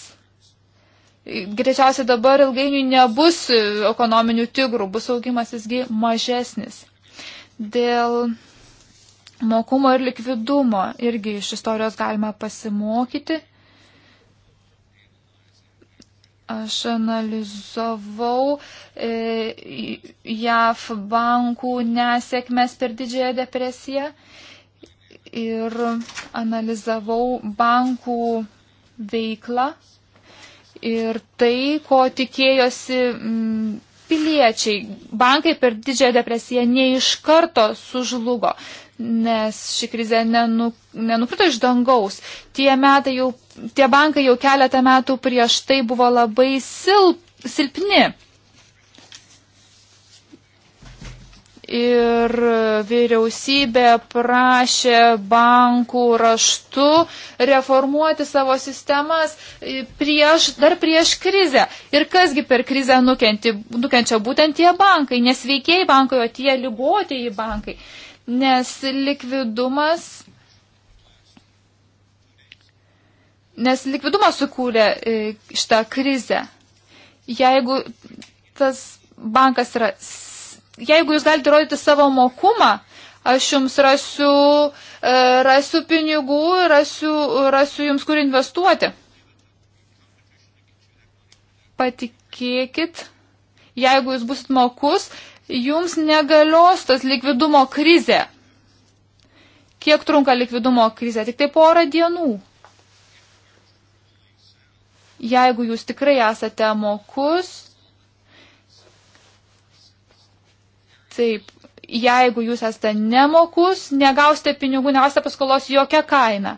greičiausiai dabar ilgainiui nebus ekonominių tigrų, bus augimas visgi mažesnis. Dėl mokumo ir likvidumo irgi iš istorijos galima pasimokyti. Aš analizavau e, JAF bankų nesėkmes per didžiąją depresiją ir analizavau bankų veiklą ir tai, ko tikėjosi m, mm, piliečiai. Bankai per didžiąją depresiją neiš karto sužlugo nes ši krizė nenu, nenukrito iš dangaus. Tie, jau, tie bankai jau keletą metų prieš tai buvo labai silp, silpni. ir vyriausybė prašė bankų raštu reformuoti savo sistemas prieš, dar prieš krizę. Ir kasgi per krizę nukenti, nukenčia būtent tie bankai, nesveikiai bankai, o tie lygotieji bankai nes likvidumas, nes likvidumas sukūrė e, šitą krizę. Jeigu tas bankas yra, jeigu jūs galite rodyti savo mokumą, aš jums rasiu, e, rasiu pinigų, rasiu, rasiu jums kur investuoti. Patikėkit, jeigu jūs busit mokus, jums negalios tas likvidumo krizė. Kiek trunka likvidumo krizė? Tik tai porą dienų. Jeigu jūs tikrai esate mokus, taip, jeigu jūs esate nemokus, negausite pinigų, negausite paskolos jokią kainą.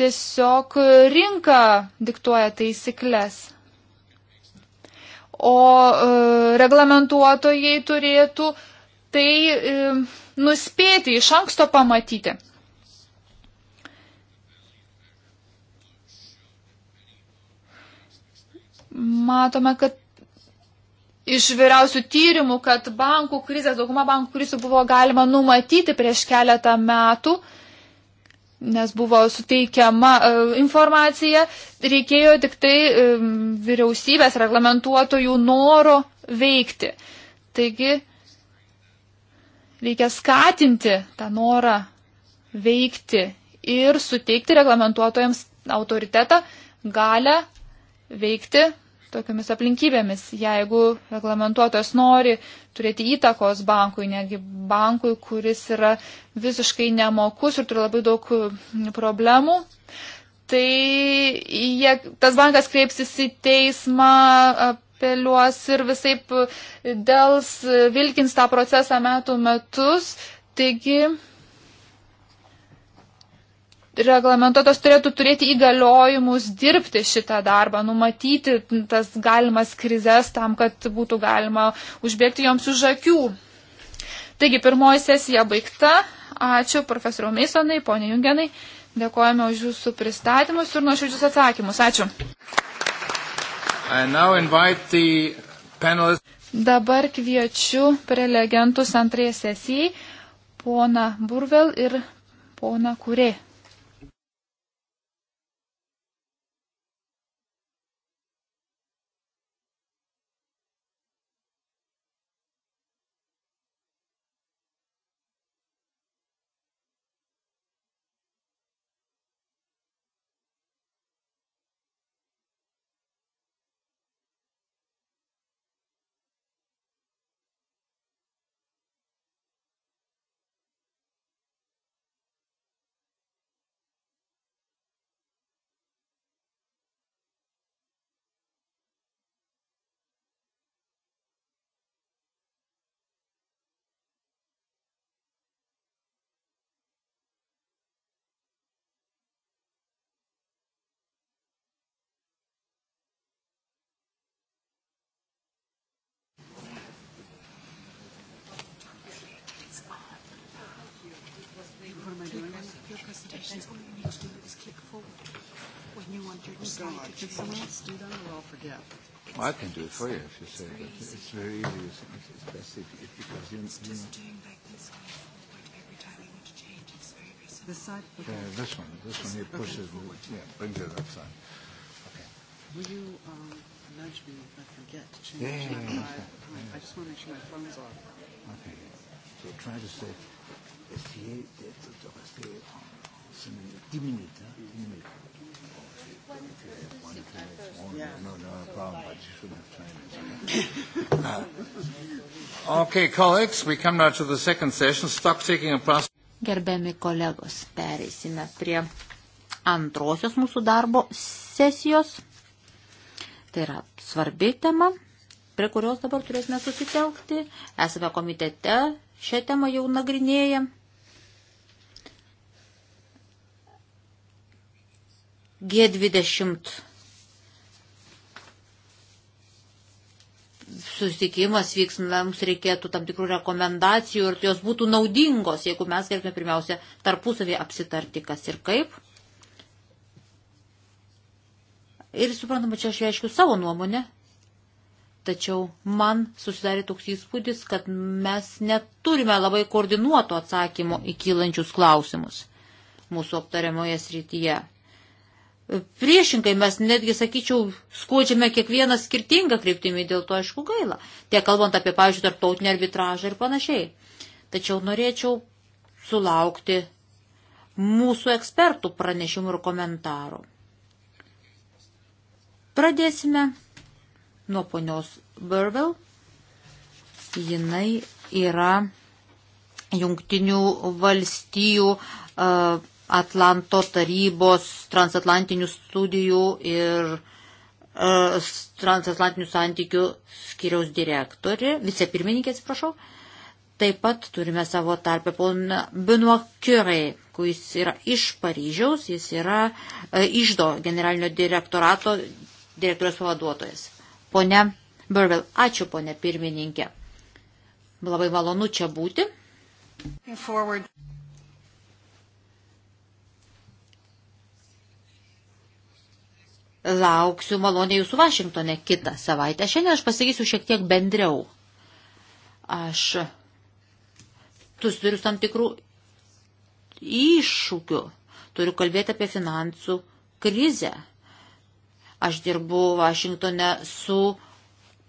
Tiesiog rinka diktuoja taisyklės o e, reglamentuotojai turėtų tai e, nuspėti, iš anksto pamatyti. Matome, kad iš vyriausių tyrimų, kad bankų krizės, dauguma bankų krizių buvo galima numatyti prieš keletą metų. Uh, nes buvo suteikiama e, informacija, reikėjo tik tai e, vyriausybės reglamentuotojų noro veikti. Taigi reikia skatinti tą norą veikti ir suteikti reglamentuotojams autoritetą, galę veikti tokiamis aplinkybėmis, jeigu reglamentuotojas nori turėti įtakos bankui, netgi bankui, kuris yra visiškai nemokus ir turi labai daug mm, problemų, tai jie, tas bankas kreipsis į teismą, apeliuos ir visaip dėls vilkins tą procesą metų metus. Taigi reglamentuotas turėtų turėti įgaliojimus dirbti šitą darbą, numatyti tas galimas krizės tam, kad būtų galima užbėgti joms už akių. Taigi, pirmoji sesija baigta. Ačiū profesoriau Meisonai, ponė Jungenai. Dėkojame už jūsų pristatymus ir nuoširdžius atsakymus. Ačiū. Dabar kviečiu prelegentus antrąją sesijai, pona Burvel ir pona Kurė. God. Can someone else do that or I'll forget? Well, I can do it for you if you say that. It's very easy. It's, it's best if, if because you, it's you just know. doing back this way forward every time you want to change. It's very visible. This side? Okay. Yeah, this one. This, this one here pushes. Okay, forward. Yeah, brings it up side. Okay. Will you um, nudge me if I forget to change? Yeah, yeah, yeah, yeah. I, I just want to make sure my phone's off. Okay. So try to stay, essayer d'être, de rester um, en 10 minutes. Hein, 10 minutes. Gerbiami kolegos, pereisime prie antrosios mūsų darbo sesijos. Tai yra svarbi tema, prie kurios dabar turėsime susitelkti. Esame komitete šią temą jau nagrinėjame. G20 susitikimas vyks, mums reikėtų tam tikrų rekomendacijų ir jos būtų naudingos, jeigu mes galėtume pirmiausia tarpusavį apsitarti, kas ir kaip. Ir suprantama, čia aš reiškiu savo nuomonę, tačiau man susidarė toks įspūdis, kad mes neturime labai koordinuoto atsakymo į kylančius klausimus mūsų aptariamoje srityje. Priešinkai mes netgi, sakyčiau, skuodžiame kiekvieną skirtingą kryptimį, dėl to aišku gaila. Tiek kalbant apie, pavyzdžiui, tarptautinį arbitražą ir panašiai. Tačiau norėčiau sulaukti mūsų ekspertų pranešimų ir komentarų. Pradėsime nuo ponios Burwell. Jinai yra jungtinių valstijų uh, Atlanto tarybos transatlantinių studijų ir uh, transatlantinių santykių skiriaus direktorį, vicepirmininkė, atsiprašau. Taip pat turime savo tarpę poną Benoit Curé, kuris yra iš Paryžiaus, jis yra uh, e, išdo generalinio direktorato direktorius pavaduotojas. Pone Burville, ačiū pone pirmininkė. Labai malonu čia būti. Forward. lauksiu maloniai jūsų Vašingtone kitą savaitę. Šiandien aš pasakysiu šiek tiek bendriau. Aš turiu tam tikrų iššūkių. Turiu kalbėti apie finansų krizę. Aš dirbu Vašingtone su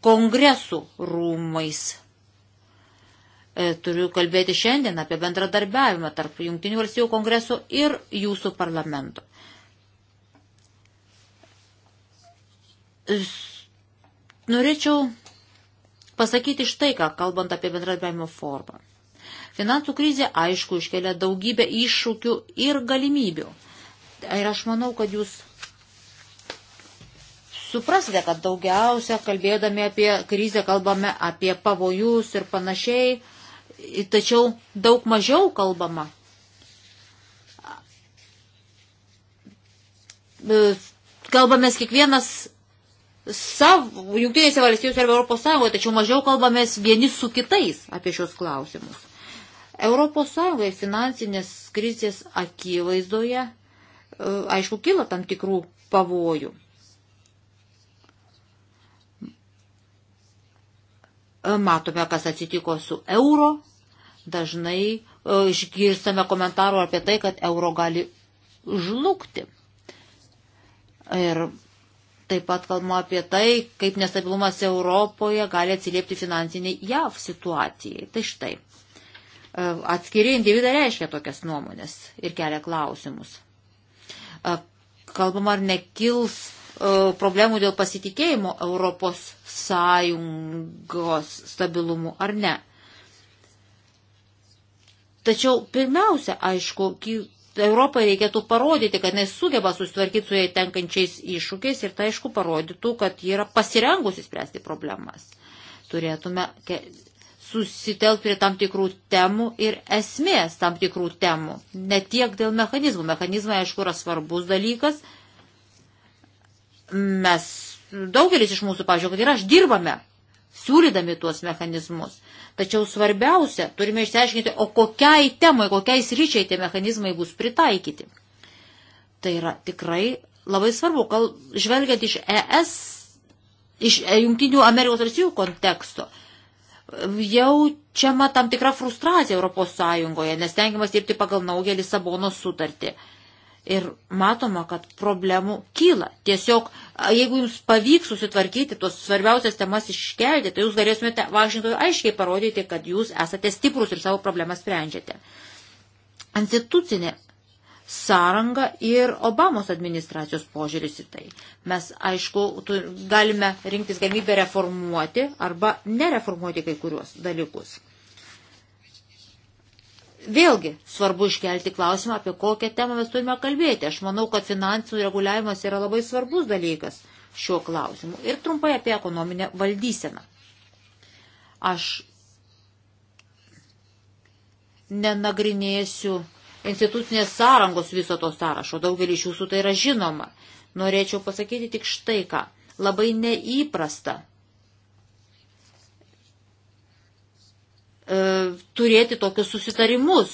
kongresų rūmais. E, turiu kalbėti šiandien apie bendradarbiavimą tarp Junktinių valstybių kongreso ir jūsų parlamento. Norėčiau pasakyti štai ką, kalbant apie bendradarbiavimo formą. Finansų krizė, aišku, iškelia daugybę iššūkių ir galimybių. Ir aš manau, kad jūs suprasite, kad daugiausia, kalbėdami apie krizę, kalbame apie pavojus ir panašiai, tačiau daug mažiau kalbama. E, kalbamės kiekvienas savo, jungtinėse valstijose arba Europos Sąjungoje, tačiau mažiau kalbamės vieni su kitais apie šios klausimus. Europos Sąjungoje finansinės krizės akivaizdoje, e, aišku, kyla tam tikrų pavojų. E, matome, kas atsitiko su euro. Dažnai e, išgirstame komentarų apie tai, kad euro gali žlugti. Ir Taip pat kalbama apie tai, kaip nestabilumas Europoje gali atsiliepti finansiniai JAV situacijai. Tai štai. E, atskiri individai reiškia tokias nuomonės ir kelia klausimus. E, kalbama, ar nekils e, problemų dėl pasitikėjimo Europos Sąjungos stabilumu ar ne. Tačiau pirmiausia, aišku, Europai reikėtų parodyti, kad jis sugeba susitvarkyti su jai tenkančiais iššūkiais ir tai aišku parodytų, kad ji yra pasirengusi spręsti problemas. Turėtume susitelkti prie tam tikrų temų ir esmės tam tikrų temų. Ne tiek dėl mechanizmų. Mechanizmai, aišku, yra svarbus dalykas. Mes, daugelis iš mūsų, pažiūrėjau, kad ir aš dirbame siūlydami tuos mechanizmus. Tačiau svarbiausia, turime išsiaiškinti, o kokiai temai, kokiai sryčiai tie mechanizmai bus pritaikyti. Tai yra tikrai labai svarbu, kal, žvelgiant iš ES, iš e, Junktinių Amerikos valstybių konteksto, jaučiama tam tikra frustracija Europos Sąjungoje, nes tengiamas dirbti pagal naują Lisabono sutartį. Uh, Ir matoma, kad problemų kyla. Tiesiog, jeigu jums pavyks susitvarkyti tos svarbiausias temas iškelti, tai jūs galėsimėte Vašingtonui aiškiai parodyti, kad jūs esate stiprus ir savo problemą sprendžiate. Institucinė sąranga ir Obamos administracijos požiūris į tai. Mes, aišku, tu, galime rinktis galimybę reformuoti arba nereformuoti kai kuriuos dalykus. Vėlgi svarbu iškelti klausimą, apie kokią temą mes turime kalbėti. Aš manau, kad finansų reguliavimas yra labai svarbus dalykas šiuo klausimu. Ir trumpai apie ekonominę valdyseną. Aš nenagrinėsiu institucinės sąrangos viso to sąrašo, daugelį iš jūsų tai yra žinoma. Norėčiau pasakyti tik štai ką. Labai neįprasta E, turėti tokius susitarimus,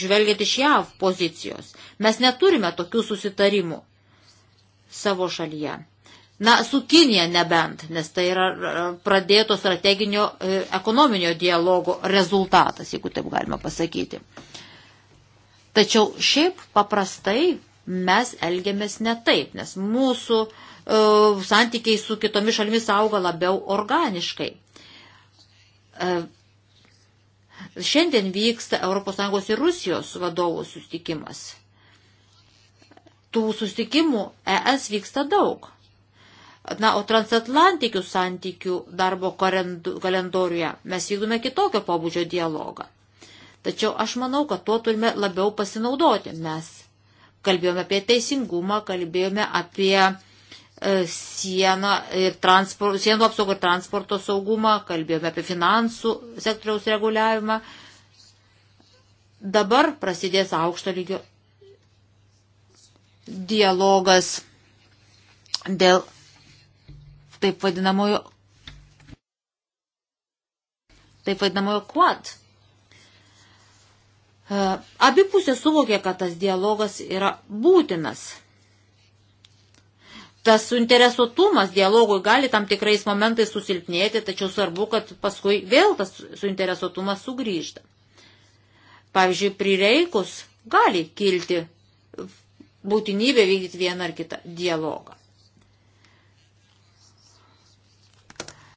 žvelgiant iš JAV pozicijos. Mes neturime tokių susitarimų savo šalyje. Na, su Kinija nebent, nes tai yra pradėto strateginio e, ekonominio dialogo rezultatas, jeigu taip galima pasakyti. Tačiau šiaip paprastai mes elgiamės ne taip, nes mūsų uh, santykiai su kitomis šalimis auga labiau organiškai. Uh, Šiandien vyksta ES ir Rusijos vadovų sustikimas. Tų sustikimų ES vyksta daug. Na, o transatlantikių santykių darbo kalendoriuje mes vykdome kitokio pobūdžio dialogą. Tačiau aš manau, kad tuo turime labiau pasinaudoti. Mes kalbėjome apie teisingumą, kalbėjome apie E, sieną ir transport, sienų apsaugą ir transporto saugumą, kalbėjome apie finansų sektoriaus reguliavimą. Dabar prasidės aukšto lygio dialogas dėl taip vadinamojo taip vadinamojo quad. E, abi pusės suvokė, kad tas dialogas yra būtinas tas suinteresuotumas dialogui gali tam tikrais momentais susilpnėti, tačiau svarbu, kad paskui vėl tas suinteresuotumas sugrįžta. Pavyzdžiui, prireikus gali kilti būtinybė vykdyti vieną ar kitą dialogą.